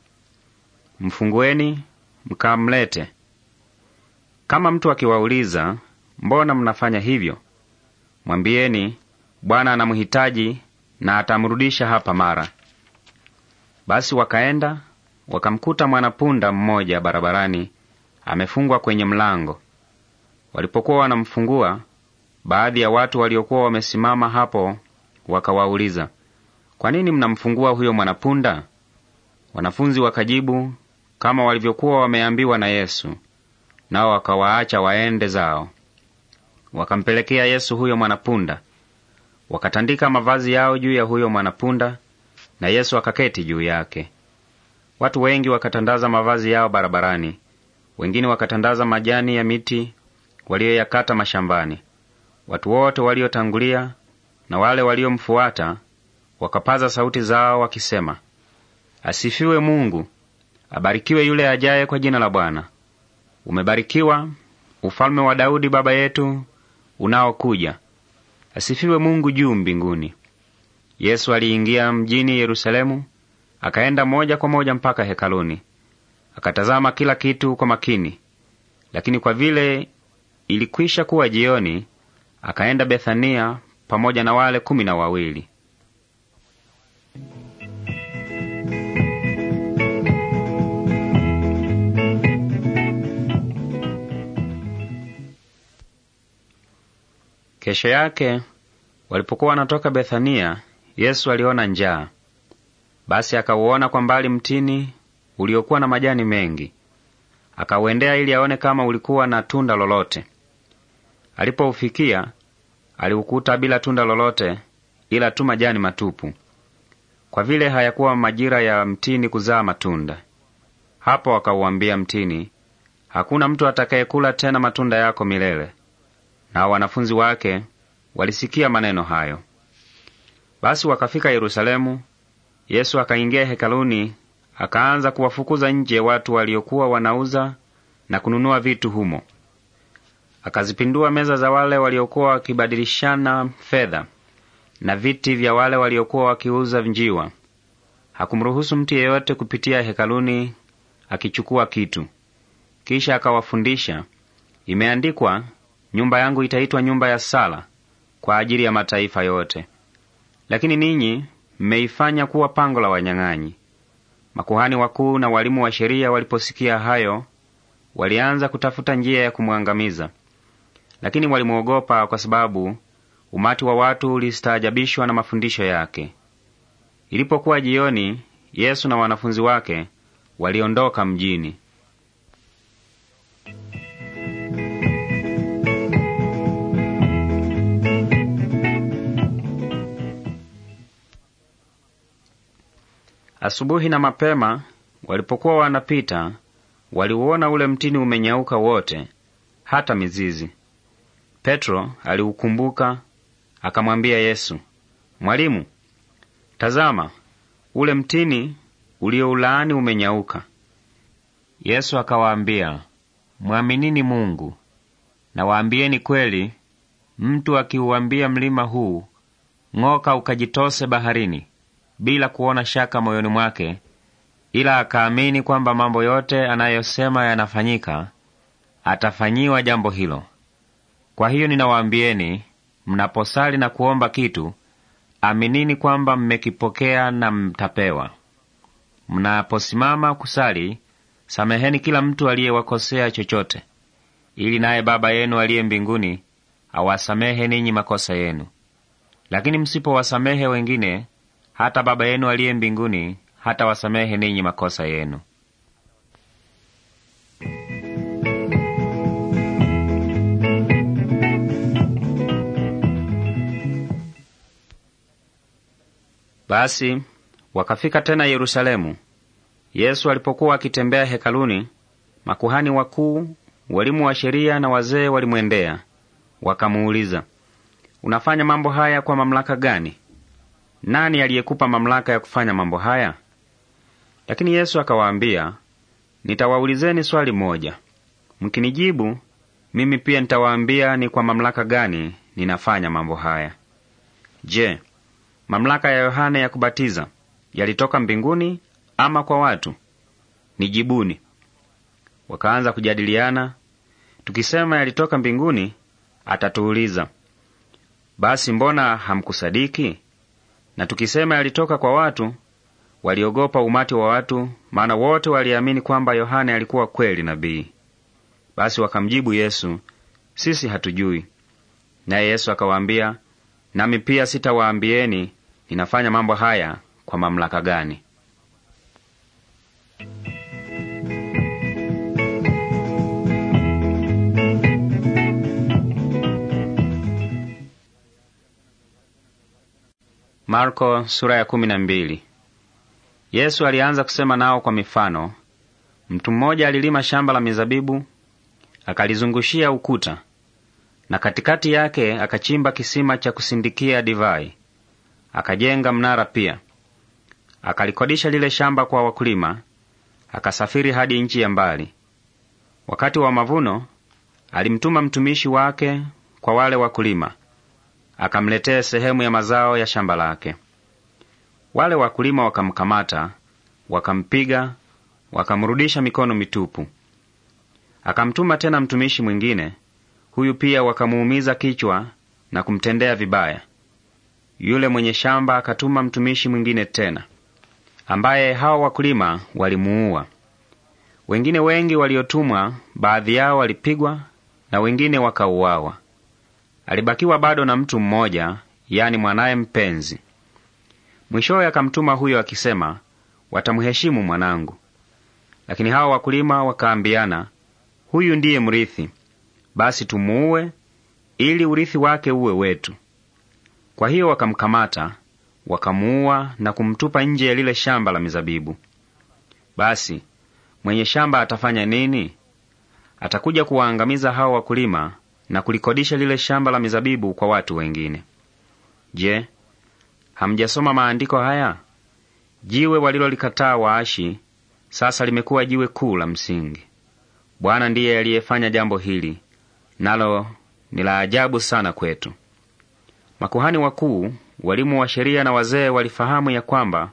Mfungueni mkamlete. Kama mtu akiwauliza, mbona mnafanya hivyo, Mwambieni Bwana anamhitaji na atamrudisha hapa mara. Basi wakaenda wakamkuta mwanapunda mmoja barabarani amefungwa kwenye mlango. Walipokuwa wanamfungua, baadhi ya watu waliokuwa wamesimama hapo wakawauliza, kwa nini mnamfungua huyo mwanapunda? Wanafunzi wakajibu kama walivyokuwa wameambiwa na Yesu, nao wakawaacha waende zao. Wakampelekea Yesu huyo mwanapunda, wakatandika mavazi yao juu ya huyo mwanapunda, na Yesu akaketi juu yake. Watu wengi wakatandaza mavazi yao barabarani, wengine wakatandaza majani ya miti waliyoyakata mashambani. Watu wote waliotangulia na wale waliomfuata wakapaza sauti zao wakisema, Asifiwe Mungu! Abarikiwe yule ajaye kwa jina la Bwana. Umebarikiwa ufalme wa Daudi baba yetu unaokuja. Asifiwe Mungu juu mbinguni. Yesu aliingia mjini Yerusalemu, akaenda moja kwa moja mpaka hekaluni, akatazama kila kitu kwa makini. Lakini kwa vile ilikwisha kuwa jioni, akaenda Bethania pamoja na wale kumi na wawili. Kesho yake walipokuwa wanatoka Bethania, Yesu aliona njaa. Basi akauona kwa mbali mtini uliokuwa na majani mengi, akauendea ili aone kama ulikuwa na tunda lolote. Alipoufikia aliukuta bila tunda lolote, ila tu majani matupu, kwa vile hayakuwa majira ya mtini kuzaa matunda. Hapo akauambia mtini, hakuna mtu atakayekula tena matunda yako milele na wanafunzi wake walisikia maneno hayo. Basi wakafika Yerusalemu. Yesu akaingia hekaluni, akaanza kuwafukuza nje watu waliokuwa wanauza na kununua vitu humo. Akazipindua meza za wale waliokuwa wakibadilishana fedha na viti vya wale waliokuwa wakiuza njiwa. Hakumruhusu mtu yeyote kupitia hekaluni akichukua kitu. Kisha akawafundisha, imeandikwa, nyumba yangu itaitwa nyumba ya sala kwa ajili ya mataifa yote, lakini ninyi mmeifanya kuwa pango la wanyang'anyi. Makuhani wakuu na walimu wa sheria waliposikia hayo, walianza kutafuta njia ya kumwangamiza, lakini walimwogopa, kwa sababu umati wa watu ulistaajabishwa na mafundisho yake. Ilipokuwa jioni, Yesu na wanafunzi wake waliondoka mjini. Asubuhi na mapema walipokuwa wanapita, waliuona ule mtini umenyauka wote, hata mizizi. Petro aliukumbuka akamwambia Yesu, Mwalimu, tazama ule mtini ulioulaani umenyauka. Yesu akawaambia, mwaminini Mungu. Nawaambieni kweli, mtu akiuambia mlima huu ng'oka ukajitose baharini, bila kuona shaka moyoni mwake, ila akaamini kwamba mambo yote anayosema yanafanyika, atafanyiwa jambo hilo. Kwa hiyo ninawaambieni, mnaposali na kuomba kitu, aminini kwamba mmekipokea na mtapewa. Mnaposimama kusali, sameheni kila mtu aliyewakosea chochote, ili naye Baba yenu aliye mbinguni awasamehe ninyi makosa yenu. Lakini msipowasamehe wengine hata Baba yenu aliye mbinguni hata wasamehe ninyi makosa yenu. Basi wakafika tena Yerusalemu. Yesu alipokuwa akitembea hekaluni, makuhani wakuu, walimu wa sheria na wazee walimwendea, wakamuuliza, unafanya mambo haya kwa mamlaka gani? nani aliyekupa mamlaka ya kufanya mambo haya? Lakini Yesu akawaambia, nitawaulizeni swali moja, mkinijibu mimi pia nitawaambia ni kwa mamlaka gani ninafanya mambo haya. Je, mamlaka ya Yohane ya kubatiza yalitoka mbinguni ama kwa watu? Nijibuni. Wakaanza kujadiliana, tukisema yalitoka mbinguni, atatuuliza basi, mbona hamkusadiki? Na tukisema yalitoka kwa watu, waliogopa umati wa watu, maana wote waliamini kwamba Yohane alikuwa kweli nabii. Basi wakamjibu Yesu, sisi hatujui. Naye Yesu akawaambia, nami pia sitawaambieni ninafanya mambo haya kwa mamlaka gani. Marko sura ya kumi na mbili. Yesu alianza kusema nao kwa mifano. Mtu mmoja alilima shamba la mizabibu akalizungushia ukuta, na katikati yake akachimba kisima cha kusindikia divai, akajenga mnara pia. Akalikodisha lile shamba kwa wakulima, akasafiri hadi nchi ya mbali. Wakati wa mavuno alimtuma mtumishi wake kwa wale wakulima akamletea sehemu ya mazao ya shamba lake. Wale wakulima wakamkamata, wakampiga, wakamrudisha mikono mitupu. Akamtuma tena mtumishi mwingine, huyu pia wakamuumiza kichwa na kumtendea vibaya. Yule mwenye shamba akatuma mtumishi mwingine tena, ambaye hawa wakulima walimuua. Wengine wengi waliotumwa, baadhi yao walipigwa na wengine wakauawa. Alibakiwa bado na mtu mmoja, yani mwanaye mpenzi. Mwishowe akamtuma huyo akisema, watamheshimu mwanangu. Lakini hawa wakulima wakaambiana, huyu ndiye mrithi, basi tumuue ili urithi wake uwe wetu. Kwa hiyo wakamkamata wakamuua na kumtupa nje ya lile shamba la mizabibu. Basi mwenye shamba atafanya nini? Atakuja kuwaangamiza hao wakulima na kulikodisha lile shamba la mizabibu kwa watu wengine. Je, hamjasoma maandiko haya? Jiwe walilolikataa waashi sasa limekuwa jiwe kuu la msingi. Bwana ndiye aliyefanya jambo hili, nalo ni la ajabu sana kwetu. Makuhani wakuu, walimu wa sheria na wazee walifahamu ya kwamba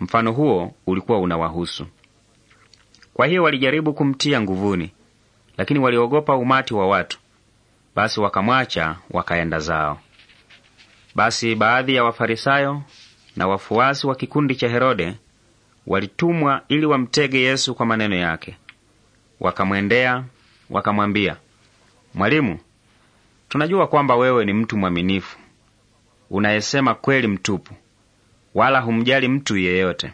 mfano huo ulikuwa unawahusu. Kwa hiyo walijaribu kumtia nguvuni, lakini waliogopa umati wa watu, basi wakamwacha wakaenda zao. Basi baadhi ya Wafarisayo na wafuasi wa kikundi cha Herode walitumwa ili wamtege Yesu kwa maneno yake. Wakamwendea wakamwambia, Mwalimu, tunajua kwamba wewe ni mtu mwaminifu unayesema kweli mtupu, wala humjali mtu yeyote,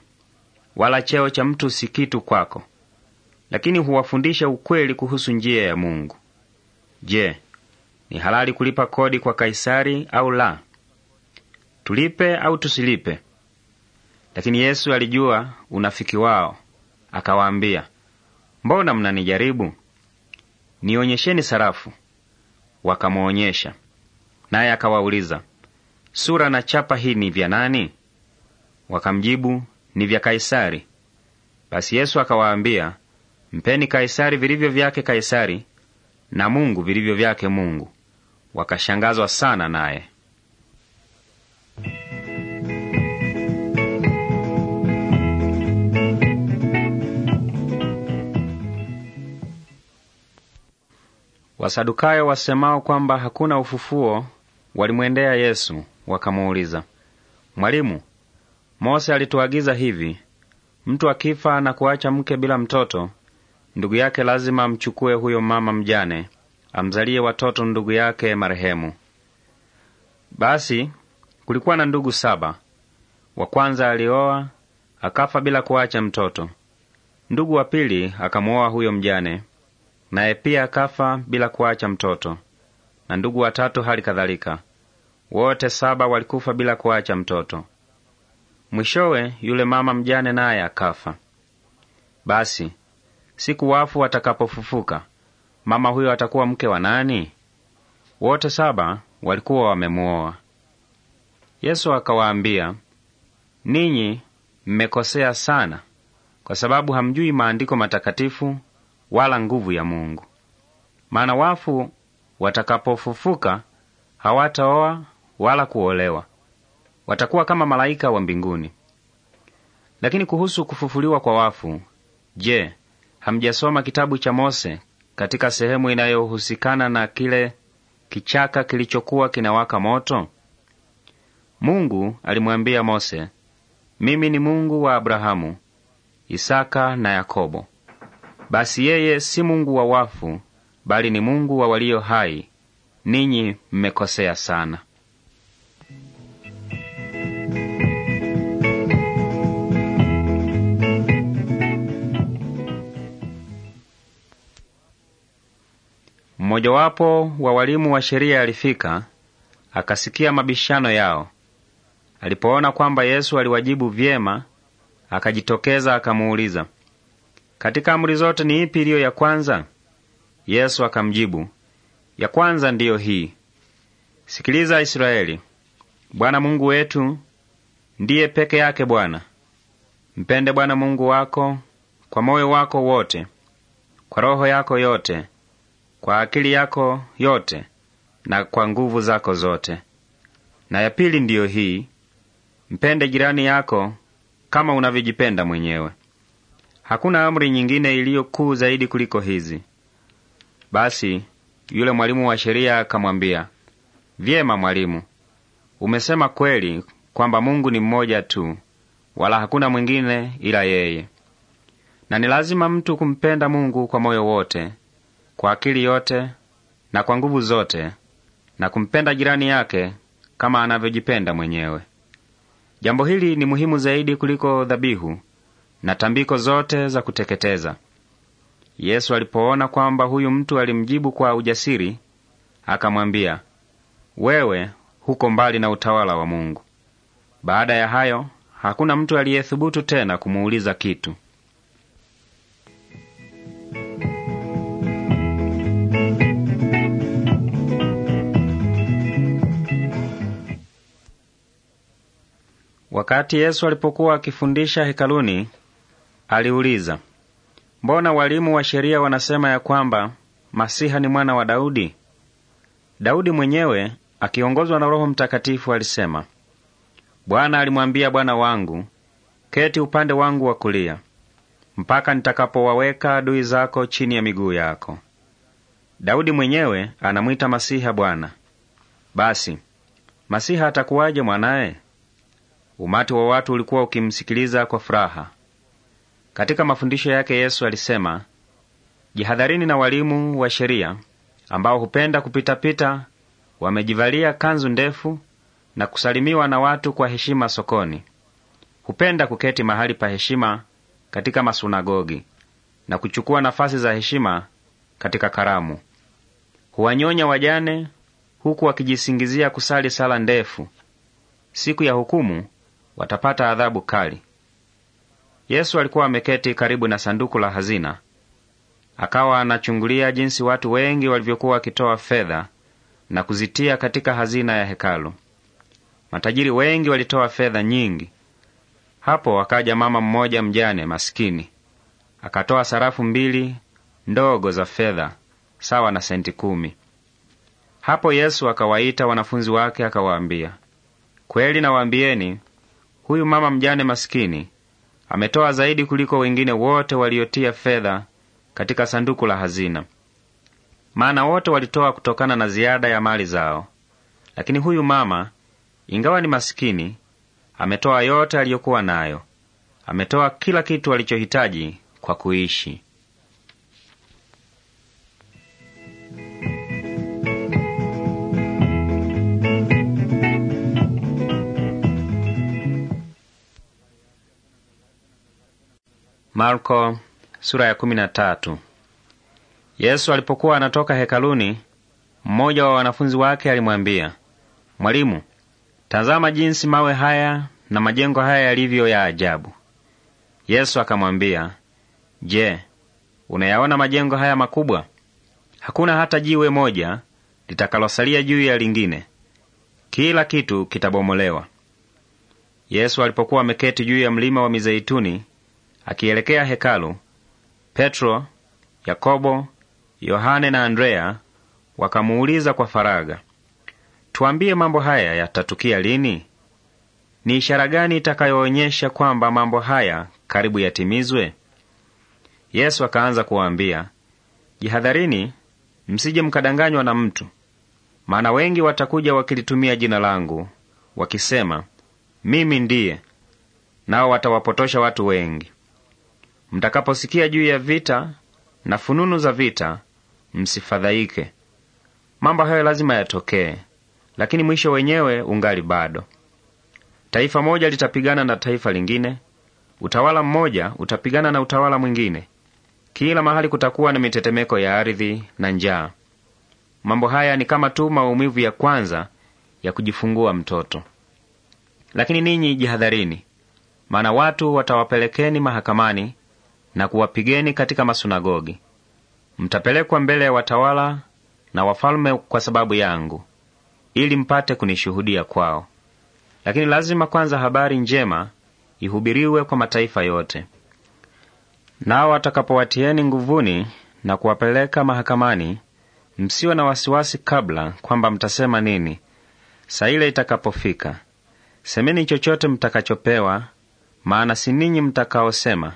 wala cheo cha mtu si kitu kwako, lakini huwafundisha ukweli kuhusu njia ya Mungu. Je, ni halali kulipa kodi kwa Kaisari au la? Tulipe au tusilipe? Lakini Yesu alijua unafiki wao, akawaambia, mbona mnanijaribu? Nionyesheni sarafu. Wakamwonyesha. Naye akawauliza, sura na chapa hii ni vya nani? Wakamjibu, ni vya Kaisari. Basi Yesu akawaambia, mpeni Kaisari vilivyo vyake Kaisari, na Mungu vilivyo vyake Mungu wakashangazwa sana naye. Wasadukayo wasemao kwamba hakuna ufufuo walimwendea Yesu wakamuuliza, Mwalimu, Mose alituagiza hivi, mtu akifa na kuacha mke bila mtoto, ndugu yake lazima amchukue huyo mama mjane amzalie watoto ndugu yake marehemu. Basi kulikuwa na ndugu saba. Wa kwanza alioa akafa bila kuacha mtoto. Ndugu wa pili akamwoa huyo mjane, naye pia akafa bila kuacha mtoto, na ndugu wa tatu hali kadhalika. Wote saba walikufa bila kuacha mtoto. Mwishowe yule mama mjane naye akafa. Basi siku wafu watakapofufuka mama huyo atakuwa mke wa nani? Wote saba walikuwa wamemuoa. Yesu akawaambia, ninyi mmekosea sana, kwa sababu hamjui maandiko matakatifu wala nguvu ya Mungu. Maana wafu watakapofufuka hawataoa wala kuolewa, watakuwa kama malaika wa mbinguni. Lakini kuhusu kufufuliwa kwa wafu, je, hamjasoma kitabu cha Mose katika sehemu inayohusikana na kile kichaka kilichokuwa kinawaka moto? Mungu alimwambia Mose, mimi ni Mungu wa Abrahamu, Isaka na Yakobo. Basi yeye si Mungu wa wafu, bali ni Mungu wa walio hai. Ninyi mmekosea sana. Mmojawapo wa walimu wa sheria alifika akasikia mabishano yao. Alipoona kwamba Yesu aliwajibu vyema, akajitokeza akamuuliza, katika amri zote ni ipi iliyo ya kwanza? Yesu akamjibu, ya kwanza ndiyo hii, sikiliza Israeli, Bwana Mungu wetu ndiye peke yake Bwana. Mpende Bwana Mungu wako kwa moyo wako wote, kwa roho yako yote kwa akili yako yote na kwa nguvu zako zote. Na ya pili ndiyo hii, mpende jirani yako kama unavyojipenda mwenyewe. Hakuna amri nyingine iliyo kuu zaidi kuliko hizi. Basi yule mwalimu wa sheria akamwambia, vyema mwalimu, umesema kweli kwamba Mungu ni mmoja tu, wala hakuna mwingine ila yeye, na ni lazima mtu kumpenda Mungu kwa moyo wote kwa akili yote na kwa nguvu zote, na kumpenda jirani yake kama anavyojipenda mwenyewe. Jambo hili ni muhimu zaidi kuliko dhabihu na tambiko zote za kuteketeza. Yesu alipoona kwamba huyu mtu alimjibu kwa ujasiri, akamwambia, wewe huko mbali na utawala wa Mungu. Baada ya hayo hakuna mtu aliyethubutu tena kumuuliza kitu. Wakati Yesu alipokuwa akifundisha hekaluni, aliuliza, mbona walimu wa sheria wanasema ya kwamba Masiha ni mwana wa Daudi? Daudi mwenyewe akiongozwa na Roho Mtakatifu alisema, Bwana alimwambia Bwana wangu, keti upande wangu wa kulia mpaka nitakapowaweka adui zako chini ya miguu yako. Daudi mwenyewe anamwita Masiha Bwana. Basi Masiha atakuwaje mwanaye? Umati wa watu ulikuwa ukimsikiliza kwa furaha. Katika mafundisho yake Yesu alisema, jihadharini na walimu wa sheria ambao hupenda kupitapita, wamejivalia kanzu ndefu na kusalimiwa na watu kwa heshima sokoni. Hupenda kuketi mahali pa heshima katika masunagogi na kuchukua nafasi za heshima katika karamu. Huwanyonya wajane huku wakijisingizia kusali sala ndefu. Siku ya hukumu watapata adhabu kali. Yesu alikuwa ameketi karibu na sanduku la hazina, akawa anachungulia jinsi watu wengi walivyokuwa wakitoa fedha na kuzitia katika hazina ya hekalu. Matajiri wengi walitoa fedha nyingi. Hapo akaja mama mmoja mjane maskini, akatoa sarafu mbili ndogo za fedha sawa na senti kumi. Hapo Yesu akawaita wanafunzi wake, akawaambia, kweli nawaambieni, huyu mama mjane masikini ametoa zaidi kuliko wengine wote waliotia fedha katika sanduku la hazina, maana wote walitoa kutokana na ziada ya mali zao. Lakini huyu mama, ingawa ni masikini ametoa yote aliyokuwa nayo, ametoa kila kitu alichohitaji kwa kuishi. Marko sura ya kumi na tatu. Yesu alipokuwa anatoka hekaluni, mmoja wa wanafunzi wake alimwambia, Mwalimu, tazama jinsi mawe haya na majengo haya yalivyo ya ajabu. Yesu akamwambia, Je, unayaona majengo haya makubwa? Hakuna hata jiwe moja litakalosalia juu ya lingine. Kila kitu kitabomolewa. Yesu alipokuwa ameketi juu ya mlima wa Mizeituni, Akielekea hekalu, Petro, Yakobo, Yohane na Andrea wakamuuliza kwa faraga tuambie, mambo haya yatatukia lini? Ni ishara gani itakayoonyesha kwamba mambo haya karibu yatimizwe? Yesu akaanza kuwaambia, jihadharini, msije mkadanganywa na mtu, maana wengi watakuja wakilitumia jina langu wakisema, mimi ndiye, nao watawapotosha watu wengi. Mtakaposikia juu ya vita na fununu za vita, msifadhaike. Mambo hayo lazima yatokee, lakini mwisho wenyewe ungali bado. Taifa moja litapigana na taifa lingine, utawala mmoja utapigana na utawala mwingine. Kila mahali kutakuwa na mitetemeko ya ardhi na njaa. Mambo haya ni kama tu maumivu ya kwanza ya kujifungua mtoto. Lakini ninyi jihadharini, maana watu watawapelekeni mahakamani na kuwapigeni katika masunagogi. Mtapelekwa mbele ya watawala na wafalme kwa sababu yangu, ili mpate kunishuhudia kwao. Lakini lazima kwanza habari njema ihubiriwe kwa mataifa yote. Nao watakapowatieni nguvuni na kuwapeleka mahakamani, msiwe na wasiwasi kabla kwamba mtasema nini. Saa ile itakapofika, semeni chochote mtakachopewa, maana si ninyi mtakaosema,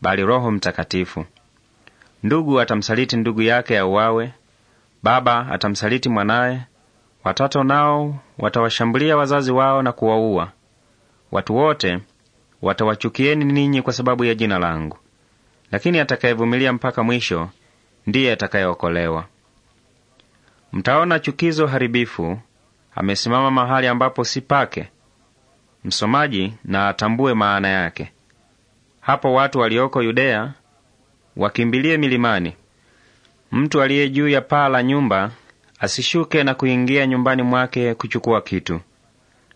bali Roho Mtakatifu. Ndugu atamsaliti ndugu yake auawe ya baba atamsaliti mwanaye. Watoto nao watawashambulia wazazi wao na kuwaua. Watu wote watawachukieni ninyi kwa sababu ya jina langu, lakini atakayevumilia mpaka mwisho ndiye atakayeokolewa. Mtaona chukizo haribifu amesimama mahali ambapo si pake. Msomaji na atambue maana yake. Hapo watu walioko Yudea wakimbilie milimani. Mtu aliye juu ya paa la nyumba asishuke na kuingia nyumbani mwake kuchukua kitu.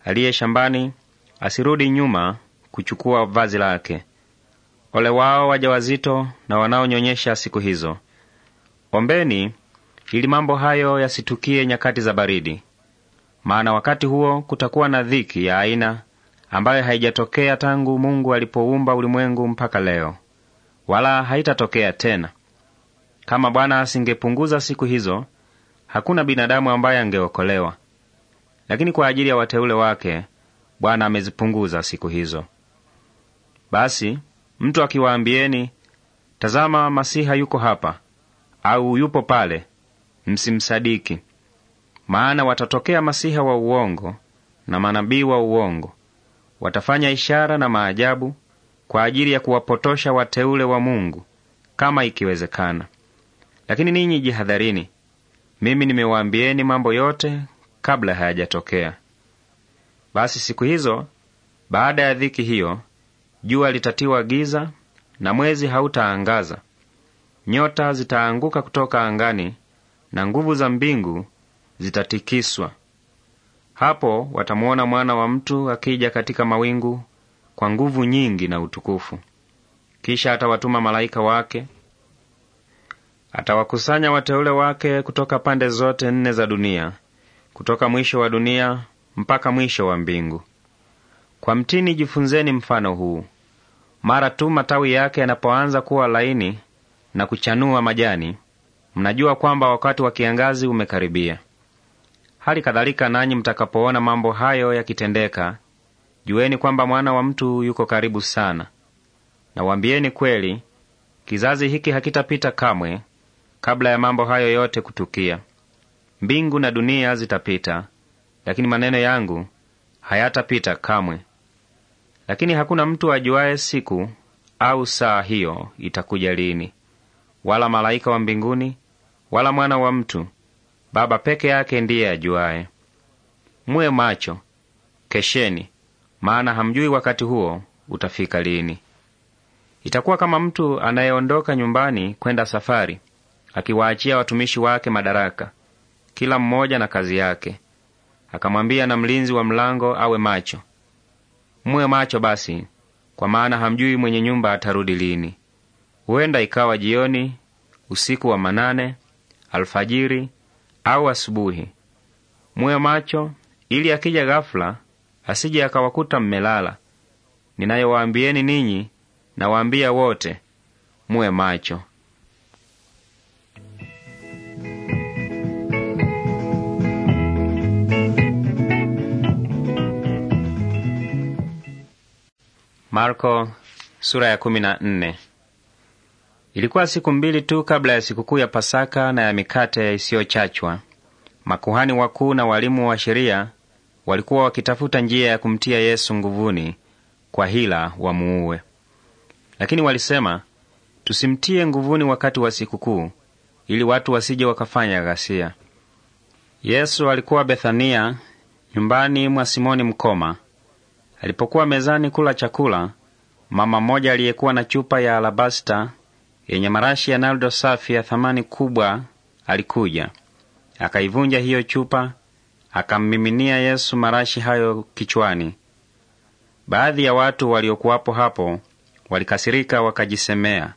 Aliye shambani asirudi nyuma kuchukua vazi lake. Ole wao wajawazito na wanaonyonyesha siku hizo! Ombeni ili mambo hayo yasitukie nyakati za baridi, maana wakati huo kutakuwa na dhiki ya aina ambayo haijatokea tangu Mungu alipoumba ulimwengu mpaka leo, wala haitatokea tena. Kama Bwana asingepunguza siku hizo, hakuna binadamu ambaye angeokolewa. Lakini kwa ajili ya wateule wake Bwana amezipunguza siku hizo. Basi mtu akiwaambieni, tazama, Masiha yuko hapa au yupo pale, msimsadiki. Maana watatokea masiha wa uongo na manabii wa uongo watafanya ishara na maajabu kwa ajili ya kuwapotosha wateule wa Mungu kama ikiwezekana. Lakini ninyi jihadharini, mimi nimewaambieni mambo yote kabla hayajatokea. Basi siku hizo, baada ya dhiki hiyo, jua litatiwa giza na mwezi hautaangaza, nyota zitaanguka kutoka angani na nguvu za mbingu zitatikiswa. Hapo watamwona mwana wa mtu akija katika mawingu kwa nguvu nyingi na utukufu. Kisha atawatuma malaika wake, atawakusanya wateule wake kutoka pande zote nne za dunia, kutoka mwisho wa dunia mpaka mwisho wa mbingu. Kwa mtini jifunzeni mfano huu. Mara tu matawi yake yanapoanza kuwa laini na kuchanua majani, mnajua kwamba wakati wa kiangazi umekaribia. Hali kadhalika nanyi mtakapoona mambo hayo yakitendeka, jueni kwamba mwana wa mtu yuko karibu sana. Nawaambieni kweli, kizazi hiki hakitapita kamwe kabla ya mambo hayo yote kutukia. Mbingu na dunia zitapita, lakini maneno yangu hayatapita kamwe. Lakini hakuna mtu ajuaye siku au saa hiyo itakuja lini, wala malaika wa mbinguni, wala mwana wa mtu Baba peke yake ndiye ajuaye. Muwe macho, kesheni, maana hamjui wakati huo utafika lini. Itakuwa kama mtu anayeondoka nyumbani kwenda safari, akiwaachia watumishi wake madaraka, kila mmoja na kazi yake, akamwambia na mlinzi wa mlango awe macho. Muwe macho basi, kwa maana hamjui mwenye nyumba atarudi lini. Huenda ikawa jioni, usiku wa manane, alfajiri au asubuhi, muwe macho ili akija ghafula asije akawakuta mmelala. Ninayowaambieni ninyi nawaambia wote, muwe macho. Marko sura ya kumi na nne. Ilikuwa siku mbili tu kabla ya sikukuu ya Pasaka na ya mikate isiyochachwa. Makuhani wakuu na walimu wa sheria walikuwa wakitafuta njia ya kumtia Yesu nguvuni kwa hila wamuue, lakini walisema, tusimtie nguvuni wakati wa sikukuu, ili watu wasije wakafanya ghasia. Yesu alikuwa Bethania, nyumbani mwa Simoni mkoma. Alipokuwa mezani kula chakula, mama mmoja aliyekuwa na chupa ya alabasta yenye marashi ya naldo safi ya thamani kubwa, alikuja akaivunja hiyo chupa, akammiminia Yesu marashi hayo kichwani. Baadhi ya watu waliokuwapo hapo walikasirika, wakajisemea,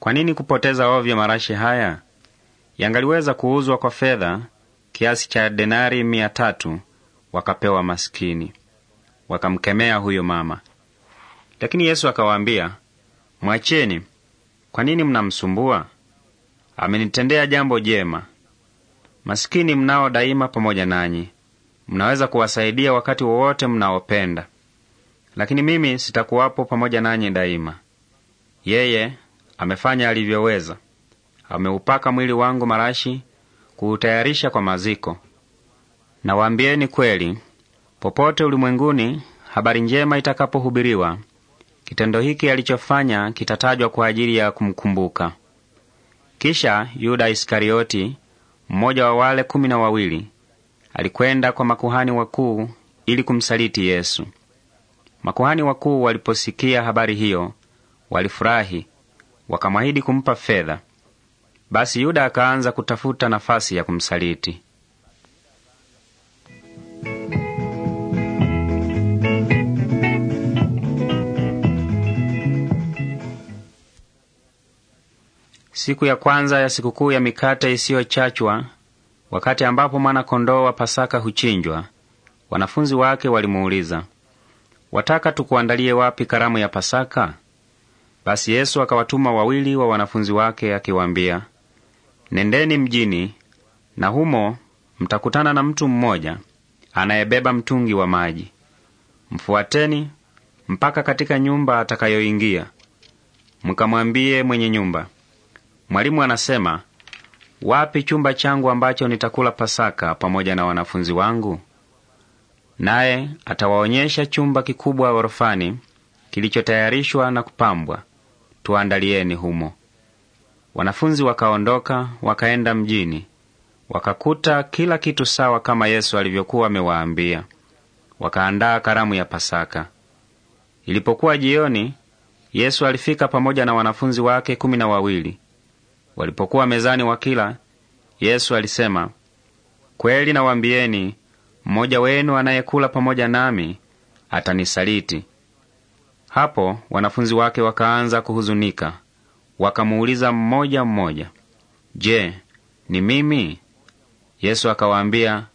kwa nini kupoteza ovyo marashi haya? Yangaliweza kuuzwa kwa fedha kiasi cha denari mia tatu wakapewa masikini Wakamkemea huyo mama, lakini Yesu akawaambia, mwacheni kwa nini mnamsumbua? Amenitendea jambo jema. Masikini mnao daima pamoja nanyi, mnaweza kuwasaidia wakati wowote mnaopenda, lakini mimi sitakuwapo pamoja nanyi daima. Yeye amefanya alivyoweza, ameupaka mwili wangu marashi kuutayarisha kwa maziko. Nawaambieni kweli, popote ulimwenguni habari njema itakapohubiriwa Kitendo hiki alichofanya kitatajwa kwa ajili ya kumkumbuka. Kisha Yuda Iskarioti, mmoja wa wale kumi na wawili, alikwenda kwa makuhani wakuu ili kumsaliti Yesu. Makuhani wakuu waliposikia habari hiyo walifurahi, wakamwahidi kumpa fedha. Basi Yuda akaanza kutafuta nafasi ya kumsaliti. siku ya kwanza ya sikukuu ya mikate isiyochachwa, wakati ambapo mwana-kondoo wa Pasaka huchinjwa, wanafunzi wake walimuuliza, wataka tukuandalie wapi karamu ya Pasaka? Basi Yesu akawatuma wawili wa wanafunzi wake akiwaambia, nendeni mjini na humo mtakutana na mtu mmoja anayebeba mtungi wa maji. Mfuateni mpaka katika nyumba atakayoingia, mkamwambie mwenye nyumba, Mwalimu anasema, wapi chumba changu ambacho nitakula Pasaka pamoja na wanafunzi wangu? Naye atawaonyesha chumba kikubwa ghorofani kilichotayarishwa na kupambwa, tuandalieni humo. Wanafunzi wakaondoka wakaenda mjini, wakakuta kila kitu sawa kama Yesu alivyokuwa amewaambia. Wakaandaa karamu ya Pasaka. Ilipokuwa jioni, Yesu alifika pamoja na wanafunzi wake kumi na wawili. Walipokuwa mezani wakila, Yesu alisema, kweli nawaambieni, mmoja wenu anayekula pamoja nami atanisaliti. Hapo wanafunzi wake wakaanza kuhuzunika, wakamuuliza mmoja mmoja, Je, ni mimi? Yesu akawaambia,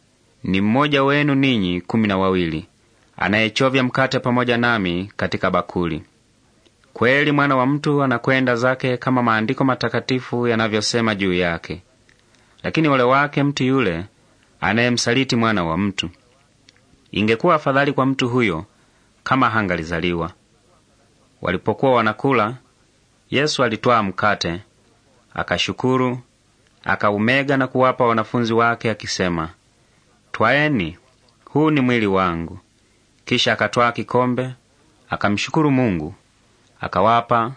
ni mmoja wenu ninyi kumi na wawili anayechovya mkate pamoja nami katika bakuli. Kweli mwana wa mtu anakwenda zake kama maandiko matakatifu yanavyosema juu yake. Lakini ole wake mtu yule anayemsaliti mwana wa mtu. Ingekuwa afadhali kwa mtu huyo kama hangalizaliwa. Walipokuwa wanakula, Yesu alitwaa mkate, akashukuru, akaumega na kuwapa wanafunzi wake akisema, twaeni, huu ni mwili wangu. Kisha akatwaa kikombe, akamshukuru Mungu, akawapa,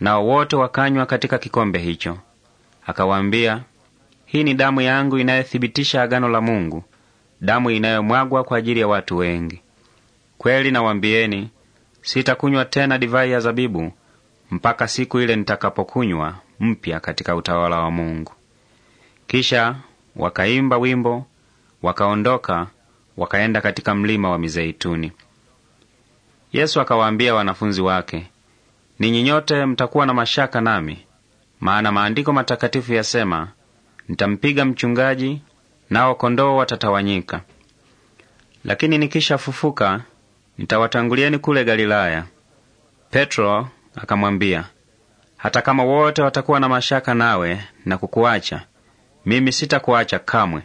nao wote wakanywa katika kikombe hicho. Akawaambia, hii ni damu yangu inayothibitisha agano la Mungu, damu inayomwagwa kwa ajili ya watu wengi. Kweli nawambieni, sitakunywa tena divai ya zabibu mpaka siku ile nitakapokunywa mpya katika utawala wa Mungu. Kisha wakaimba wimbo, wakaondoka, wakaenda katika mlima wa Mizeituni. Yesu akawaambia wanafunzi wake, ninyi nyote mtakuwa na mashaka nami, maana maandiko matakatifu yasema, nitampiga mchungaji, nao kondoo watatawanyika. Lakini nikishafufuka nitawatangulieni kule Galilaya. Petro akamwambia, hata kama wote watakuwa na mashaka nawe na kukuacha, mimi sitakuacha kamwe.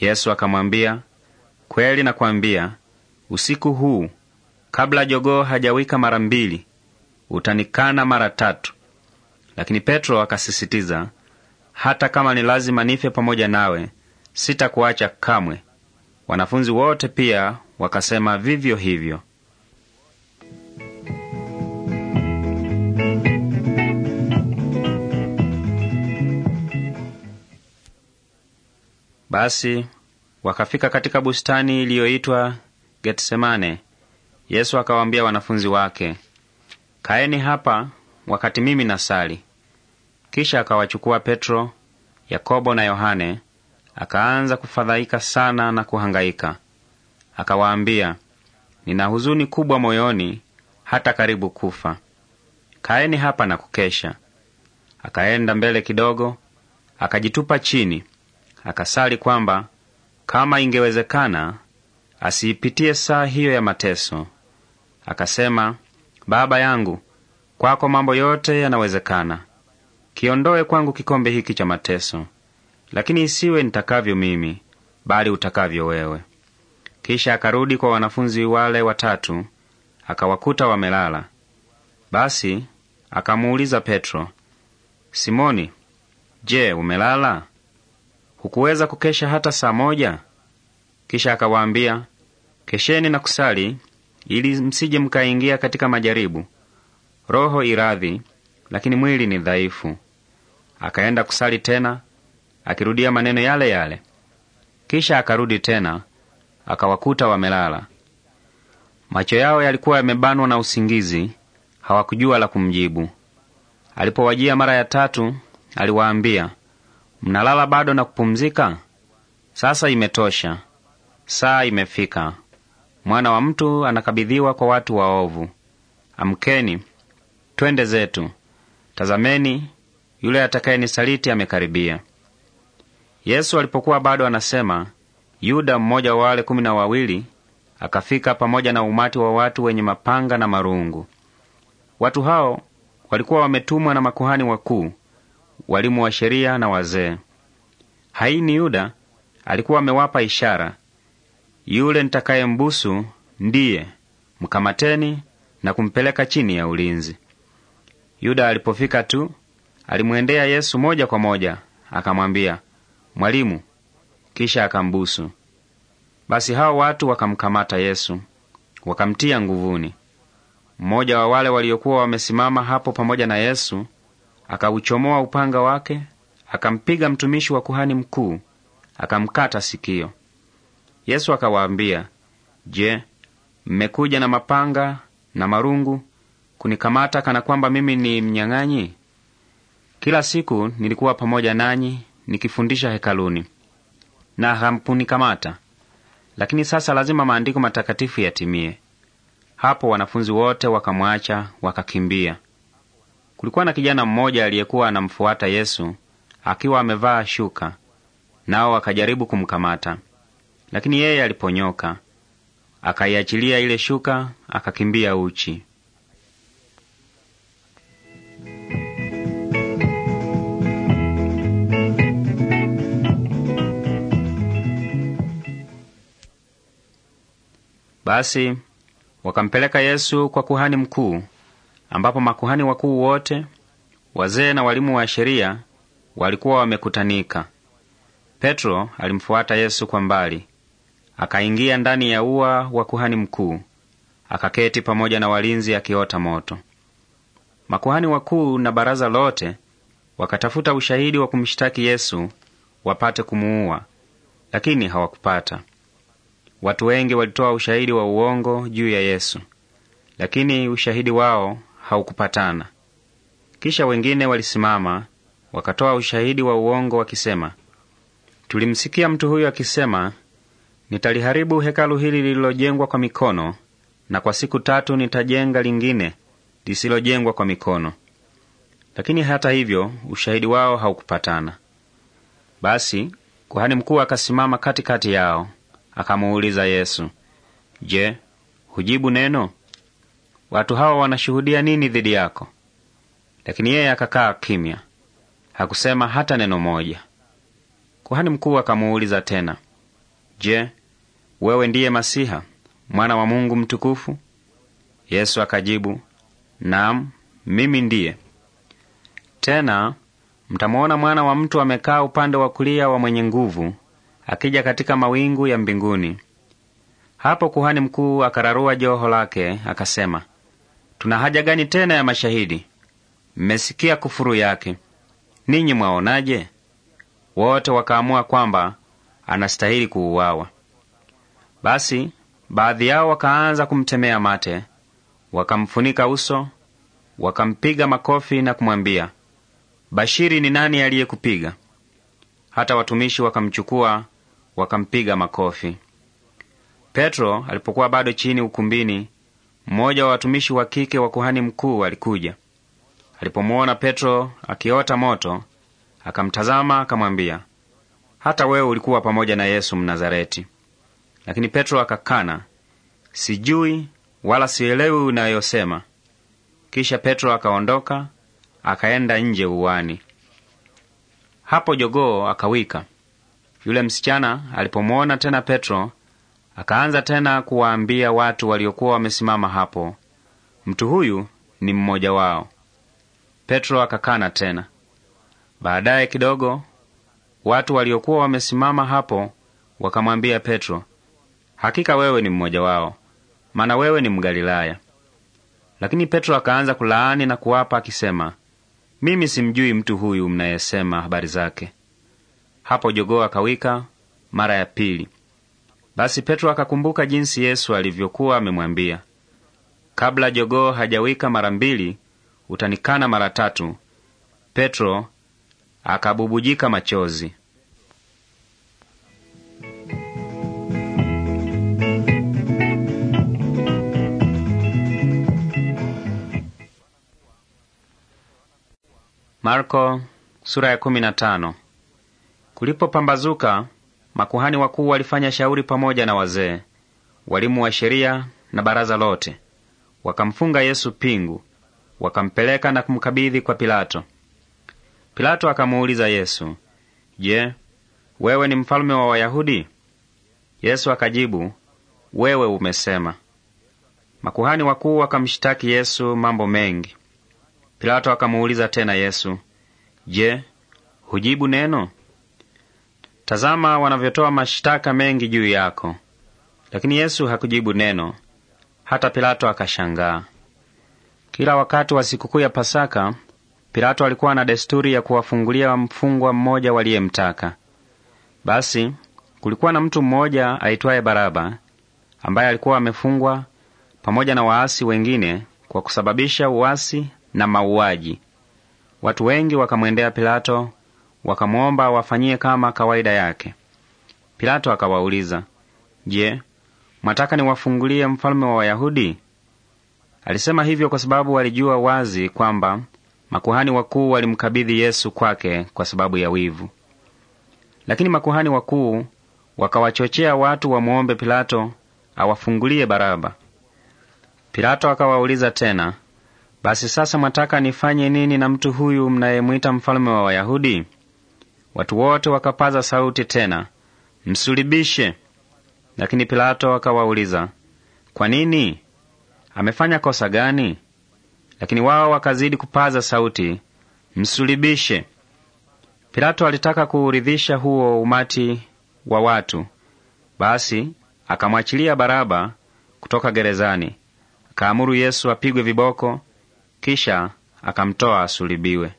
Yesu akamwambia, kweli nakwambia, usiku huu kabla jogoo hajawika mara mbili utanikana mara tatu. Lakini Petro akasisitiza, hata kama ni lazima nife pamoja nawe, sitakuacha kamwe. Wanafunzi wote pia wakasema vivyo hivyo. Basi wakafika katika bustani iliyoitwa Getsemane. Yesu akawaambia wanafunzi wake, kaeni hapa wakati mimi nasali. Kisha akawachukua Petro, Yakobo na Yohane, akaanza kufadhaika sana na kuhangaika. Akawaambia, nina huzuni kubwa moyoni hata karibu kufa. Kaeni hapa na kukesha. Akaenda mbele kidogo, akajitupa chini, akasali kwamba kama ingewezekana asiipitie saa hiyo ya mateso. Akasema, Baba yangu, kwako mambo yote yanawezekana. Kiondoe kwangu kikombe hiki cha mateso, lakini isiwe nitakavyo mimi, bali utakavyo wewe. Kisha akarudi kwa wanafunzi wale watatu, akawakuta wamelala. Basi akamuuliza Petro, Simoni, je, umelala? Hukuweza kukesha hata saa moja? Kisha akawaambia, kesheni na kusali ili msije mkaingia katika majaribu. Roho iradhi, lakini mwili ni dhaifu. Akaenda kusali tena, akirudia maneno yale yale. Kisha akarudi tena, akawakuta wamelala. Macho yao yalikuwa yamebanwa na usingizi, hawakujua la kumjibu. Alipowajia mara ya tatu, aliwaambia, mnalala bado na kupumzika? Sasa imetosha, saa imefika. Mwana wa mtu anakabidhiwa kwa watu waovu. Amkeni, twende zetu. Tazameni, yule atakayenisaliti amekaribia. Yesu alipokuwa bado anasema, Yuda, mmoja wa wale kumi na wawili, akafika pamoja na umati wa watu wenye mapanga na marungu. Watu hao walikuwa wametumwa na makuhani wakuu, walimu wa sheria na wazee. Haini Yuda alikuwa amewapa ishara yule nitakayembusu ndiye, mkamateni na kumpeleka chini ya ulinzi. Yuda alipofika tu alimwendea Yesu moja kwa moja, akamwambia Mwalimu, kisha akambusu. Basi hao watu wakamkamata Yesu wakamtia nguvuni. Mmoja wa wale waliokuwa wamesimama hapo pamoja na Yesu akauchomoa upanga wake akampiga mtumishi wa kuhani mkuu akamkata sikio. Yesu akawaambia, Je, mmekuja na mapanga na marungu kunikamata kana kwamba mimi ni mnyang'anyi? Kila siku nilikuwa pamoja nanyi nikifundisha hekaluni na hamkunikamata, lakini sasa lazima maandiko matakatifu yatimie. Hapo wanafunzi wote wakamwacha wakakimbia. Kulikuwa na kijana mmoja aliyekuwa anamfuata Yesu akiwa amevaa shuka, nao wakajaribu kumkamata. Lakini yeye aliponyoka akaiachilia ile shuka, akakimbia uchi. Basi wakampeleka Yesu kwa kuhani mkuu, ambapo makuhani wakuu wote, wazee na walimu wa sheria walikuwa wamekutanika. Petro alimfuata Yesu kwa mbali, Akaingia ndani ya ua wa kuhani mkuu, akaketi pamoja na walinzi akiota moto. Makuhani wakuu na baraza lote wakatafuta ushahidi wa kumshtaki Yesu wapate kumuua, lakini hawakupata. Watu wengi walitoa ushahidi wa uongo juu ya Yesu, lakini ushahidi wao haukupatana. Kisha wengine walisimama wakatoa ushahidi wa uongo wakisema, tulimsikia mtu huyo akisema Nitaliharibu hekalu hili lililojengwa kwa mikono, na kwa siku tatu nitajenga lingine lisilojengwa kwa mikono. Lakini hata hivyo ushahidi wao haukupatana. Basi kuhani mkuu akasimama katikati yao, akamuuliza Yesu, Je, hujibu neno? Watu hawa wanashuhudia nini dhidi yako? Lakini yeye akakaa kimya, hakusema hata neno moja. Kuhani mkuu akamuuliza tena, Je, wewe ndiye Masiha mwana wa Mungu mtukufu? Yesu akajibu, nam mimi ndiye. Tena mtamwona mwana wa mtu amekaa upande wa kulia wa mwenye nguvu, akija katika mawingu ya mbinguni. Hapo kuhani mkuu akararua joho lake, akasema, tuna haja gani tena ya mashahidi? Mmesikia kufuru yake, ninyi mwaonaje? Wote wakaamua kwamba anastahili kuuawa. Basi baadhi yao wakaanza kumtemea mate, wakamfunika uso, wakampiga makofi na kumwambia, Bashiri, ni nani aliyekupiga? Hata watumishi wakamchukua wakampiga makofi. Petro alipokuwa bado chini ukumbini, mmoja wa watumishi wa kike wa kuhani mkuu alikuja. Alipomwona Petro akiota moto, akamtazama akamwambia, hata wewe ulikuwa pamoja na Yesu Mnazareti. Lakini Petro akakana, sijui wala sielewi unayosema. Kisha Petro akaondoka akaenda nje uwani. Hapo jogoo akawika. Yule msichana alipomwona tena Petro, akaanza tena kuwaambia watu waliokuwa wamesimama hapo, mtu huyu ni mmoja wao. Petro akakana tena. Baadaye kidogo, watu waliokuwa wamesimama hapo wakamwambia Petro, hakika wewe ni mmoja wao, maana wewe ni Mgalilaya. Lakini Petro akaanza kulaani na kuwapa akisema, mimi simjui mtu huyu mnayesema habari zake. Hapo jogoo akawika mara ya pili. Basi Petro akakumbuka jinsi Yesu alivyokuwa amemwambia, kabla jogoo hajawika mara mbili utanikana mara tatu. Petro akabubujika machozi. Marko sura ya kumi na tano. Kulipopambazuka, makuhani wakuu walifanya shauri pamoja na wazee, walimu wa sheria na baraza lote, wakamfunga Yesu pingu, wakampeleka na kumkabidhi kwa Pilato. Pilato akamuuliza Yesu, Je, wewe ni mfalme wa Wayahudi? Yesu akajibu, wewe umesema. Makuhani wakuu wakamshitaki Yesu mambo mengi. Pilato akamuuliza tena Yesu, je, hujibu neno? Tazama wanavyotoa mashtaka mengi juu yako. Lakini Yesu hakujibu neno, hata Pilato akashangaa. Kila wakati wa sikukuu ya Pasaka, Pilato alikuwa na desturi ya kuwafungulia mfungwa mmoja waliyemtaka. Basi kulikuwa na mtu mmoja aitwaye Baraba ambaye alikuwa amefungwa pamoja na waasi wengine kwa kusababisha uasi na mauaji. Watu wengi wakamwendea Pilato wakamwomba wafanyie kama kawaida yake. Pilato akawauliza, Je, mwataka niwafungulie mfalme wa Wayahudi? Alisema hivyo kwa sababu walijua wazi kwamba makuhani wakuu walimkabidhi Yesu kwake kwa sababu ya wivu. Lakini makuhani wakuu wakawachochea watu wamwombe Pilato awafungulie Baraba. Pilato akawauliza tena, basi sasa mwataka nifanye nini na mtu huyu mnayemwita mfalme wa Wayahudi? Watu wote wakapaza sauti tena, msulibishe Lakini Pilato akawauliza, kwa nini? Amefanya kosa gani? Lakini wao wakazidi kupaza sauti, msulibishe Pilato alitaka kuuridhisha huo umati wa watu, basi akamwachilia Baraba kutoka gerezani, akaamuru Yesu apigwe viboko kisha akamtoa asulibiwe.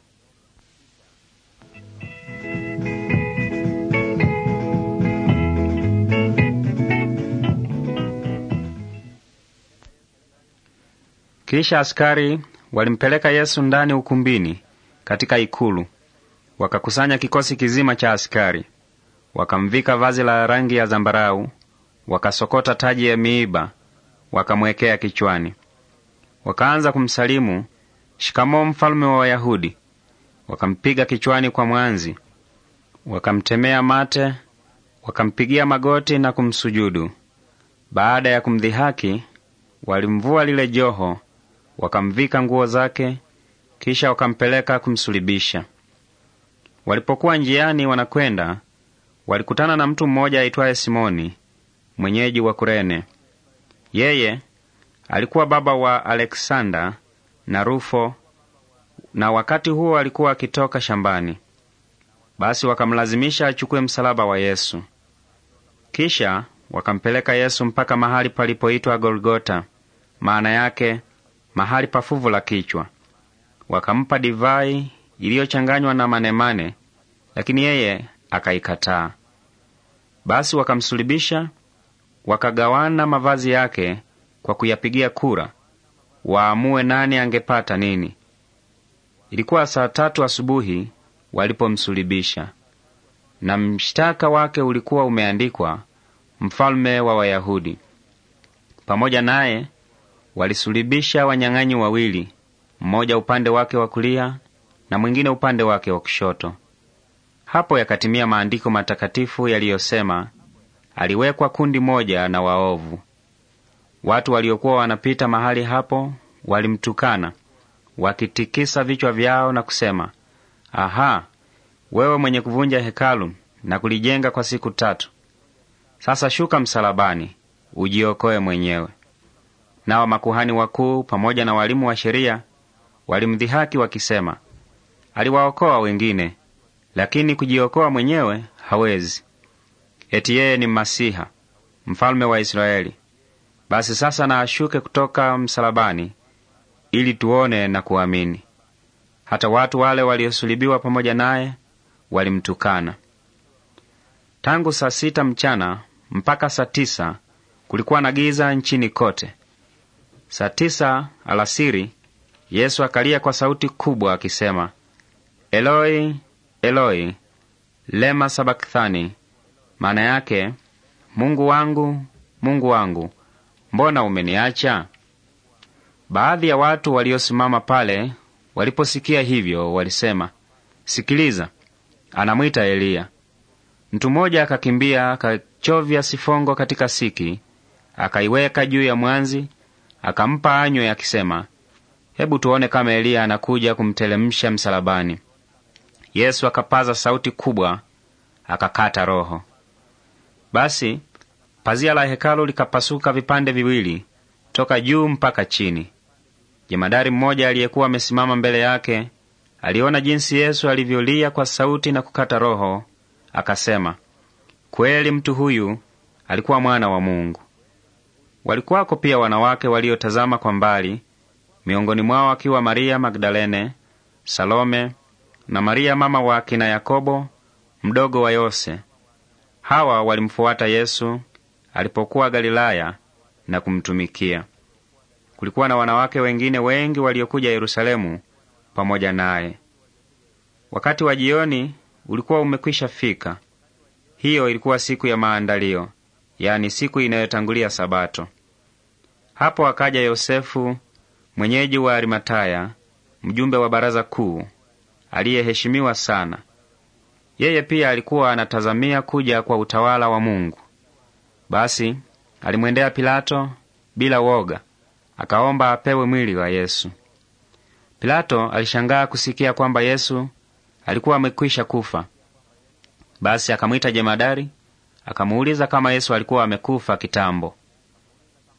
Kisha askari walimpeleka Yesu ndani ukumbini katika ikulu, wakakusanya kikosi kizima cha askari, wakamvika vazi la rangi ya zambarau, wakasokota taji ya miiba, wakamwekea kichwani. Wakaanza kumsalimu Shikamoo mfalme wa Wayahudi. Wakampiga kichwani kwa mwanzi, wakamtemea mate, wakampigia magoti na kumsujudu. Baada ya kumdhihaki, walimvua lile joho, wakamvika nguo zake, kisha wakampeleka kumsulibisha. Walipokuwa njiani wanakwenda, walikutana na mtu mmoja aitwaye Simoni, mwenyeji wa Kurene. Yeye alikuwa baba wa Aleksanda na Rufo, na wakati huo alikuwa akitoka shambani. Basi wakamlazimisha achukue msalaba wa Yesu. Kisha wakampeleka Yesu mpaka mahali palipoitwa Golgota, maana yake mahali pa fuvu la kichwa. Wakampa divai iliyochanganywa na manemane, lakini yeye akaikataa. Basi wakamsulubisha, wakagawana mavazi yake kwa kuyapigia kura waamue nani angepata nini. Ilikuwa saa tatu asubuhi walipomsulibisha, na mshtaka wake ulikuwa umeandikwa mfalme wa Wayahudi. Pamoja naye walisulibisha wanyang'anyi wawili, mmoja upande wake wa kulia na mwingine upande wake wa kushoto. Hapo yakatimia maandiko matakatifu yaliyosema, aliwekwa kundi moja na waovu. Watu waliokuwa wanapita mahali hapo walimtukana wakitikisa vichwa vyao na kusema, aha, wewe mwenye kuvunja hekalu na kulijenga kwa siku tatu, sasa shuka msalabani ujiokoe mwenyewe. Nao makuhani wakuu pamoja na walimu wa sheria walimdhihaki wakisema, aliwaokoa wengine, lakini kujiokoa mwenyewe hawezi. Eti yeye ni Masiha, mfalme wa Israeli. Basi sasa na ashuke kutoka msalabani, ili tuone na kuamini. Hata watu wale waliosulibiwa pamoja naye walimtukana. Tangu saa sita mchana mpaka saa tisa kulikuwa na giza nchini kote. Saa tisa alasiri Yesu akalia kwa sauti kubwa akisema, Eloi, Eloi, lema sabakthani, maana yake Mungu wangu, Mungu wangu, mbona umeniacha? Baadhi ya watu waliosimama pale waliposikia hivyo walisema, sikiliza, anamwita Eliya. Mtu mmoja akakimbia akachovya sifongo katika siki, akaiweka juu ya mwanzi, akampa anywe akisema, hebu tuone kama Eliya anakuja kumtelemsha msalabani. Yesu akapaza sauti kubwa, akakata roho. Basi Pazia la hekalu likapasuka vipande viwili toka juu mpaka chini. Jemadari mmoja aliyekuwa amesimama mbele yake aliona jinsi Yesu alivyolia kwa sauti na kukata roho, akasema, kweli mtu huyu alikuwa mwana wa Mungu. Walikuwako pia wanawake waliotazama kwa mbali, miongoni mwao akiwa Maria Magdalene, Salome na Maria mama wa akina Yakobo mdogo wa Yose. Hawa walimfuata Yesu alipokuwa Galilaya na kumtumikia. Kulikuwa na wanawake wengine wengi waliokuja Yerusalemu pamoja naye. Wakati wa jioni ulikuwa umekwisha fika. Hiyo ilikuwa siku ya maandalio, yaani siku inayotangulia Sabato. Hapo akaja Yosefu mwenyeji wa Arimataya, mjumbe wa baraza kuu, aliyeheshimiwa sana. Yeye pia alikuwa anatazamia kuja kwa utawala wa Mungu. Basi alimwendea Pilato bila woga, akaomba apewe mwili wa Yesu. Pilato alishangaa kusikia kwamba Yesu alikuwa amekwisha kufa. Basi akamwita jemadari, akamuuliza kama Yesu alikuwa amekufa kitambo.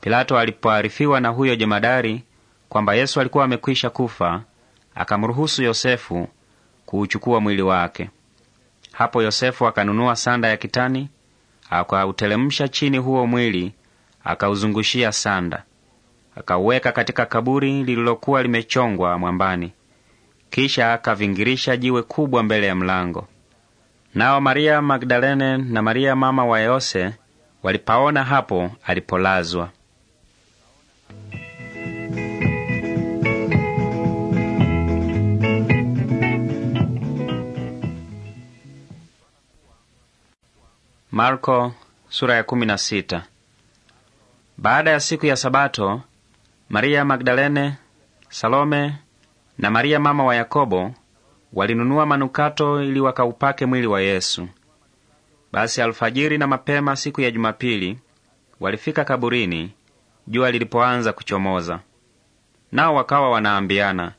Pilato alipoarifiwa na huyo jemadari kwamba Yesu alikuwa amekwisha kufa, akamruhusu Yosefu kuuchukua mwili wake. Hapo Yosefu akanunua sanda ya kitani akautelemsha chini huo mwili, akauzungushia sanda, akauweka katika kaburi lililokuwa limechongwa mwambani. Kisha akavingirisha jiwe kubwa mbele ya mlango. Nao Maria Magdalene na Maria mama wa Yose walipaona hapo alipolazwa. Marko, sura ya kumi na sita. Baada ya siku ya Sabato, Maria Magdalene, Salome na Maria mama wa Yakobo walinunua manukato ili wakaupake mwili wa Yesu. Basi alfajiri na mapema siku ya Jumapili walifika kaburini, jua lilipoanza kuchomoza. Nao wakawa wanaambiana,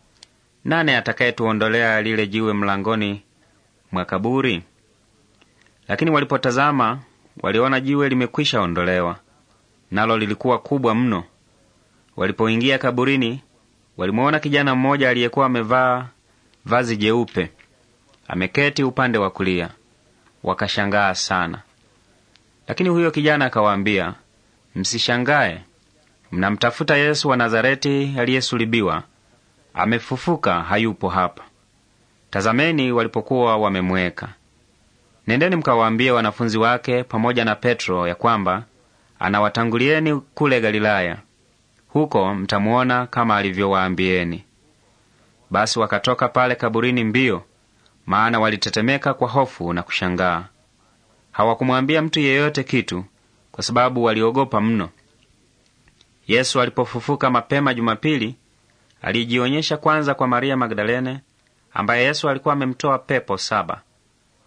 nani atakayetuondolea lile jiwe mlangoni mwa kaburi? Lakini walipotazama waliona jiwe limekwisha ondolewa, nalo lilikuwa kubwa mno. Walipoingia kaburini, walimwona kijana mmoja aliyekuwa amevaa vazi jeupe ameketi upande wa kulia. Wakashangaa sana. Lakini huyo kijana akawaambia, msishangae. Mnamtafuta Yesu wa Nazareti aliyesulibiwa. Amefufuka, hayupo hapa. Tazameni walipokuwa wamemweka. Nendeni mkawaambie wanafunzi wake pamoja na Petro ya kwamba anawatangulieni kule Galilaya, huko mtamuona kama alivyowaambieni. Basi wakatoka pale kaburini mbio, maana walitetemeka kwa hofu na kushangaa. Hawakumwambia mtu yeyote kitu, kwa sababu waliogopa mno. Yesu alipofufuka mapema Jumapili, alijionyesha kwanza kwa Maria Magdalene, ambaye Yesu alikuwa amemtoa pepo saba.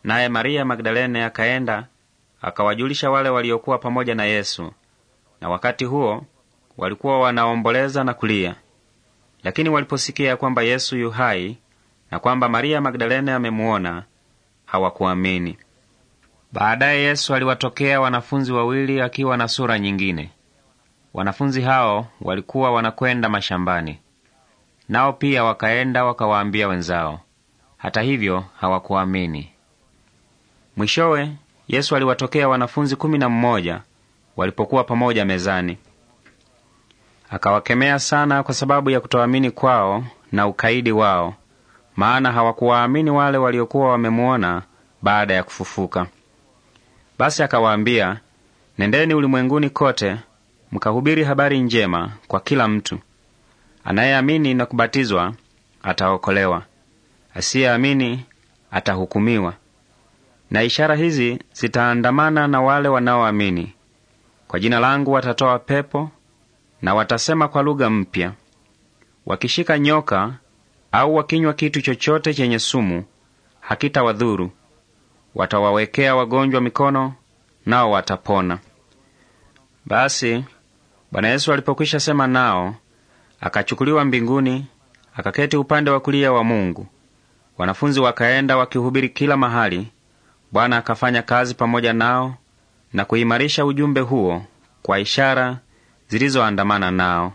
Naye Maria Magdalene akaenda akawajulisha wale waliokuwa pamoja na Yesu. Na wakati huo walikuwa wanaomboleza na kulia, lakini waliposikia kwamba Yesu yu hai na kwamba Maria Magdalene amemuona hawakuamini. Baadaye Yesu aliwatokea wanafunzi wawili akiwa na sura nyingine. Wanafunzi hao walikuwa wanakwenda mashambani, nao pia wakaenda wakawaambia wenzao. Hata hivyo hawakuamini. Mwishowe Yesu aliwatokea wanafunzi kumi na mmoja walipokuwa pamoja mezani, akawakemea sana kwa sababu ya kutoamini kwao na ukaidi wao, maana hawakuwaamini wale waliokuwa wamemuona baada ya kufufuka. Basi akawaambia, nendeni ulimwenguni kote mkahubiri habari njema kwa kila mtu. Anayeamini na kubatizwa ataokolewa, asiyeamini atahukumiwa na ishara hizi zitaandamana na wale wanaoamini. Kwa jina langu watatoa pepo, na watasema kwa lugha mpya. Wakishika nyoka au wakinywa kitu chochote chenye sumu, hakitawadhuru. Watawawekea wagonjwa mikono, nao watapona. Basi Bwana Yesu alipokwisha sema nao, akachukuliwa mbinguni, akaketi upande wa kulia wa Mungu. Wanafunzi wakaenda wakihubiri kila mahali Bwana akafanya kazi pamoja nao na kuimarisha ujumbe huo kwa ishara zilizoandamana nao.